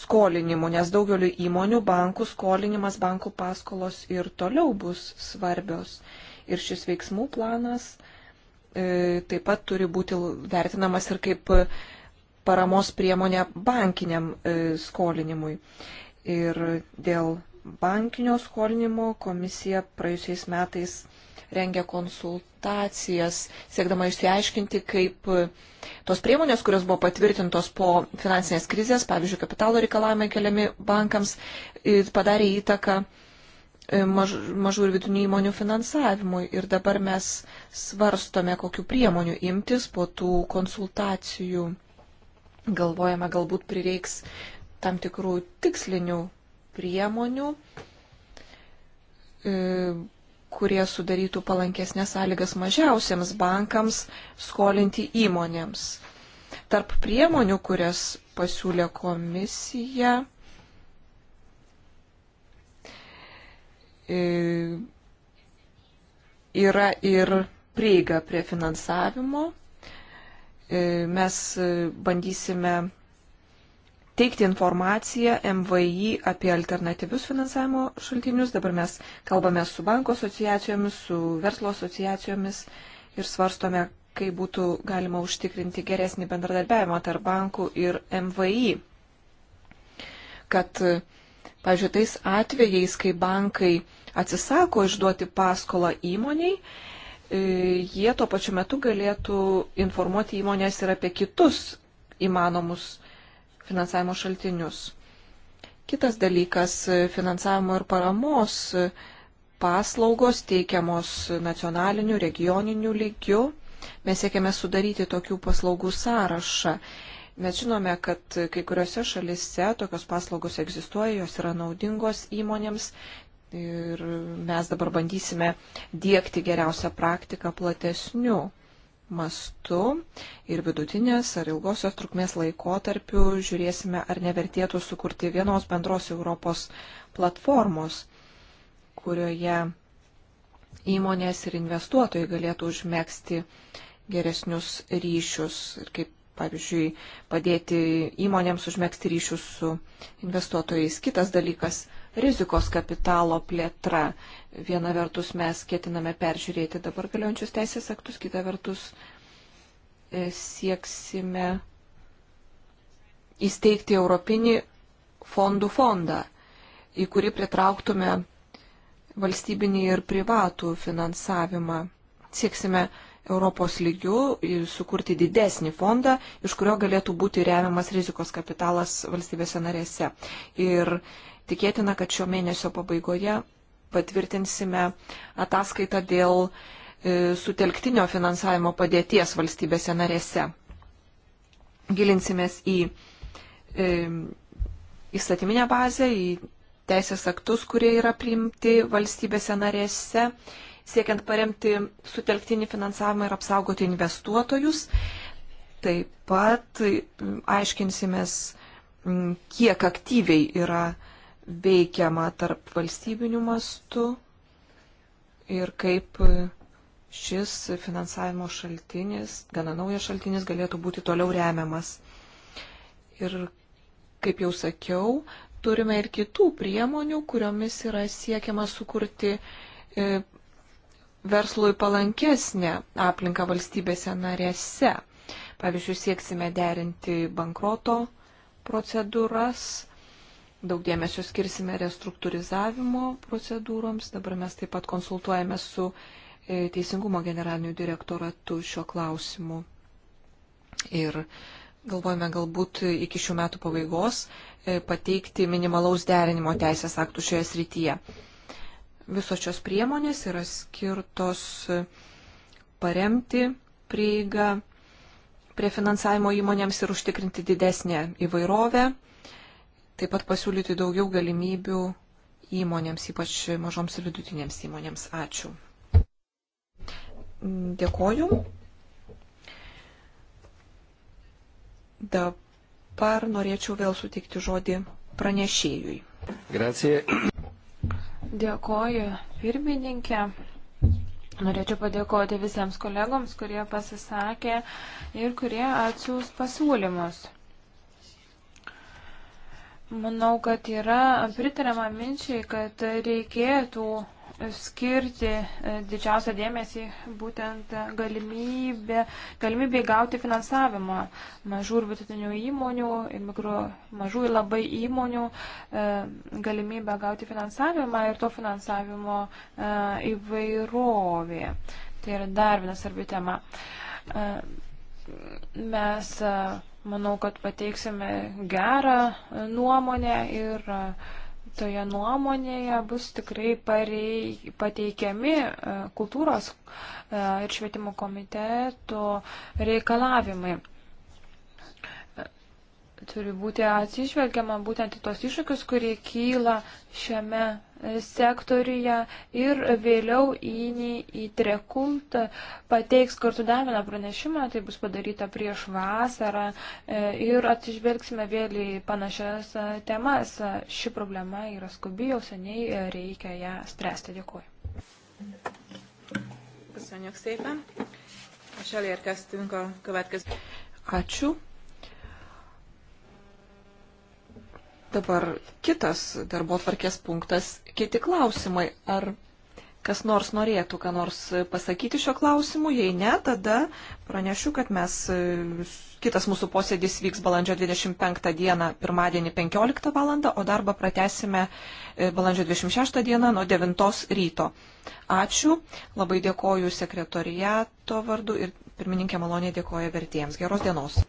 skolinimu, nes daugeliu įmonių bankų skolinimas, bankų paskolos ir toliau bus svarbios. Ir šis veiksmų planas e, taip pat turi būti vertinamas ir kaip paramos priemonę bankiniam e, skolinimui. Ir dėl bankinio skolinimo komisija praėjusiais metais rengia konsultacijas, siekdama išsiaiškinti, kaip e, tos priemonės, kurios buvo patvirtintos po finansinės krizės, pavyzdžiui, kapitalo reikalavimai keliami bankams, padarė įtaką e, maž, mažų ir vidutinių įmonių finansavimui. Ir dabar mes svarstome, kokiu priemoniu imtis po tų konsultacijų. Galvojame, galbūt prireiks tam tikrų tikslinių priemonių, e, kurie sudarytų palankesnės sąlygas mažiausiams bankams skolinti įmonėms. Tarp priemonių, kurias pasiūlė komisija, e, yra ir prieiga prie finansavimo E, mes e, bandysime teikti informaciją MVI apie alternatyvius finansavimo šaltinius. Dabar mes kalbame su banko asociacijomis, su verslo asociacijomis ir svarstome, kaip būtų galima užtikrinti geresnį bendradarbiavimą tarp bankų ir MVI. Kad, pavyzdžiui, tais atvejais, kai bankai atsisako išduoti paskolą įmoniai, E, jie tuo pačiu metu galėtų informuoti įmonės ir apie kitus įmanomus finansavimo šaltinius. Kitas dalykas e, - finansavimo ir paramos e, paslaugos teikiamos nacionaliniu, regioniniu lygiu. Mes siekiame sudaryti tokių paslaugų sąrašą. Mes žinome, kad kai kuriuose šalise tokios paslaugos egzistuoja, jos yra naudingos įmonėms, Ir mes dabar bandysime dėkti geriausią praktiką platesnių mastu ir vidutinės ar ilgosios trukmės laikotarpiu žiūrėsime, ar nevertėtų sukurti vienos bendros Europos platformos, kurioje įmonės ir investuotojai galėtų užmėgsti geresnius ryšius ir kaip, pavyzdžiui, padėti įmonėms užmėgsti ryšius su investuotojais. Kitas dalykas rizikos kapitalo plėtra. Viena vertus mes ketiname peržiūrėti dabar galiojančius teisės aktus, kita vertus e, sieksime įsteigti Europinį fondų fondą, į kurį pritrauktume valstybinį ir privatų finansavimą. Sieksime Europos lygių sukurti didesnį fondą, iš kurio galėtų būti remiamas rizikos kapitalas valstybėse narėse. Ir Tikėtina, kad šio mėnesio pabaigoje patvirtinsime ataskaitą dėl e, sutelktinio finansavimo padėties valstybėse narėse. Gilinsimės į e, įstatyminę bazę, į teisės aktus, kurie yra priimti valstybėse narėse, siekiant paremti sutelktinį finansavimą ir apsaugoti investuotojus. Taip pat aiškinsimės, kiek aktyviai yra veikiama tarp valstybinių mastų ir kaip šis finansavimo šaltinis, gana naujas šaltinis, galėtų būti toliau remiamas. Ir, kaip jau sakiau, turime ir kitų priemonių, kuriomis yra siekiama sukurti e, verslui palankesnę aplinką valstybėse narėse. Pavyzdžiui, sieksime derinti bankroto procedūras, daug dėmesio skirsime restruktūrizavimo procedūroms. Dabar mes taip pat konsultuojame su e, Teisingumo generaliniu direktoratu šiuo klausimu. Ir galvojame galbūt iki šių metų pabaigos e, pateikti minimalaus derinimo teisės aktų šioje srityje. Visos šios priemonės yra skirtos paremti prieigą prie finansavimo įmonėms ir užtikrinti didesnę įvairovę taip pat pasiūlyti daugiau galimybių įmonėms, ypač mažoms ir vidutinėms įmonėms. Ačiū. Dėkoju. Dabar norėčiau vėl suteikti žodį pranešėjui. Gracija. Dėkoju, pirmininkė. Norėčiau padėkoti visiems kolegoms, kurie pasisakė ir kurie atsiūs pasiūlymus. Manau, kad yra pritariama minčiai, kad reikėtų skirti e, didžiausią dėmesį būtent galimybė, galimybė gauti finansavimą mažų ir vidutinių įmonių ir mikro, mažų ir labai įmonių e, galimybę gauti finansavimą ir to finansavimo e, įvairovė. Tai yra dar viena svarbi tema. Mes Manau, kad pateiksime gerą nuomonę ir e, toje nuomonėje bus tikrai parei, pateikiami e, kultūros e, ir švietimo komiteto reikalavimai. Turi būti atsižvelgiama būtent į tos iššūkius, kurie kyla šiame sektoriuje ir vėliau į, į Trekult pateiks kartu Damino pranešimą, tai bus padaryta prieš vasarą e, ir atsižvelgsime vėl į panašias e, temas. Ši problema yra skubi, jau seniai e, reikia ją stresti. Dėkuoju. Köszönjük szépen, és elérkeztünk a következő. Ačiū. Dabar kitas darbo tvarkės punktas kiti klausimai. Ar kas nors norėtų ką nors pasakyti šio klausimu? Jei ne, tada pranešiu, kad mes, kitas mūsų posėdis vyks balandžio 25 dieną, pirmadienį 15 val. o darbą pratesime e, balandžio 26 dieną nuo 9 ryto. Ačiū, labai dėkoju sekretoriato vardu ir pirmininkė maloniai dėkoja vertėjams. Geros dienos.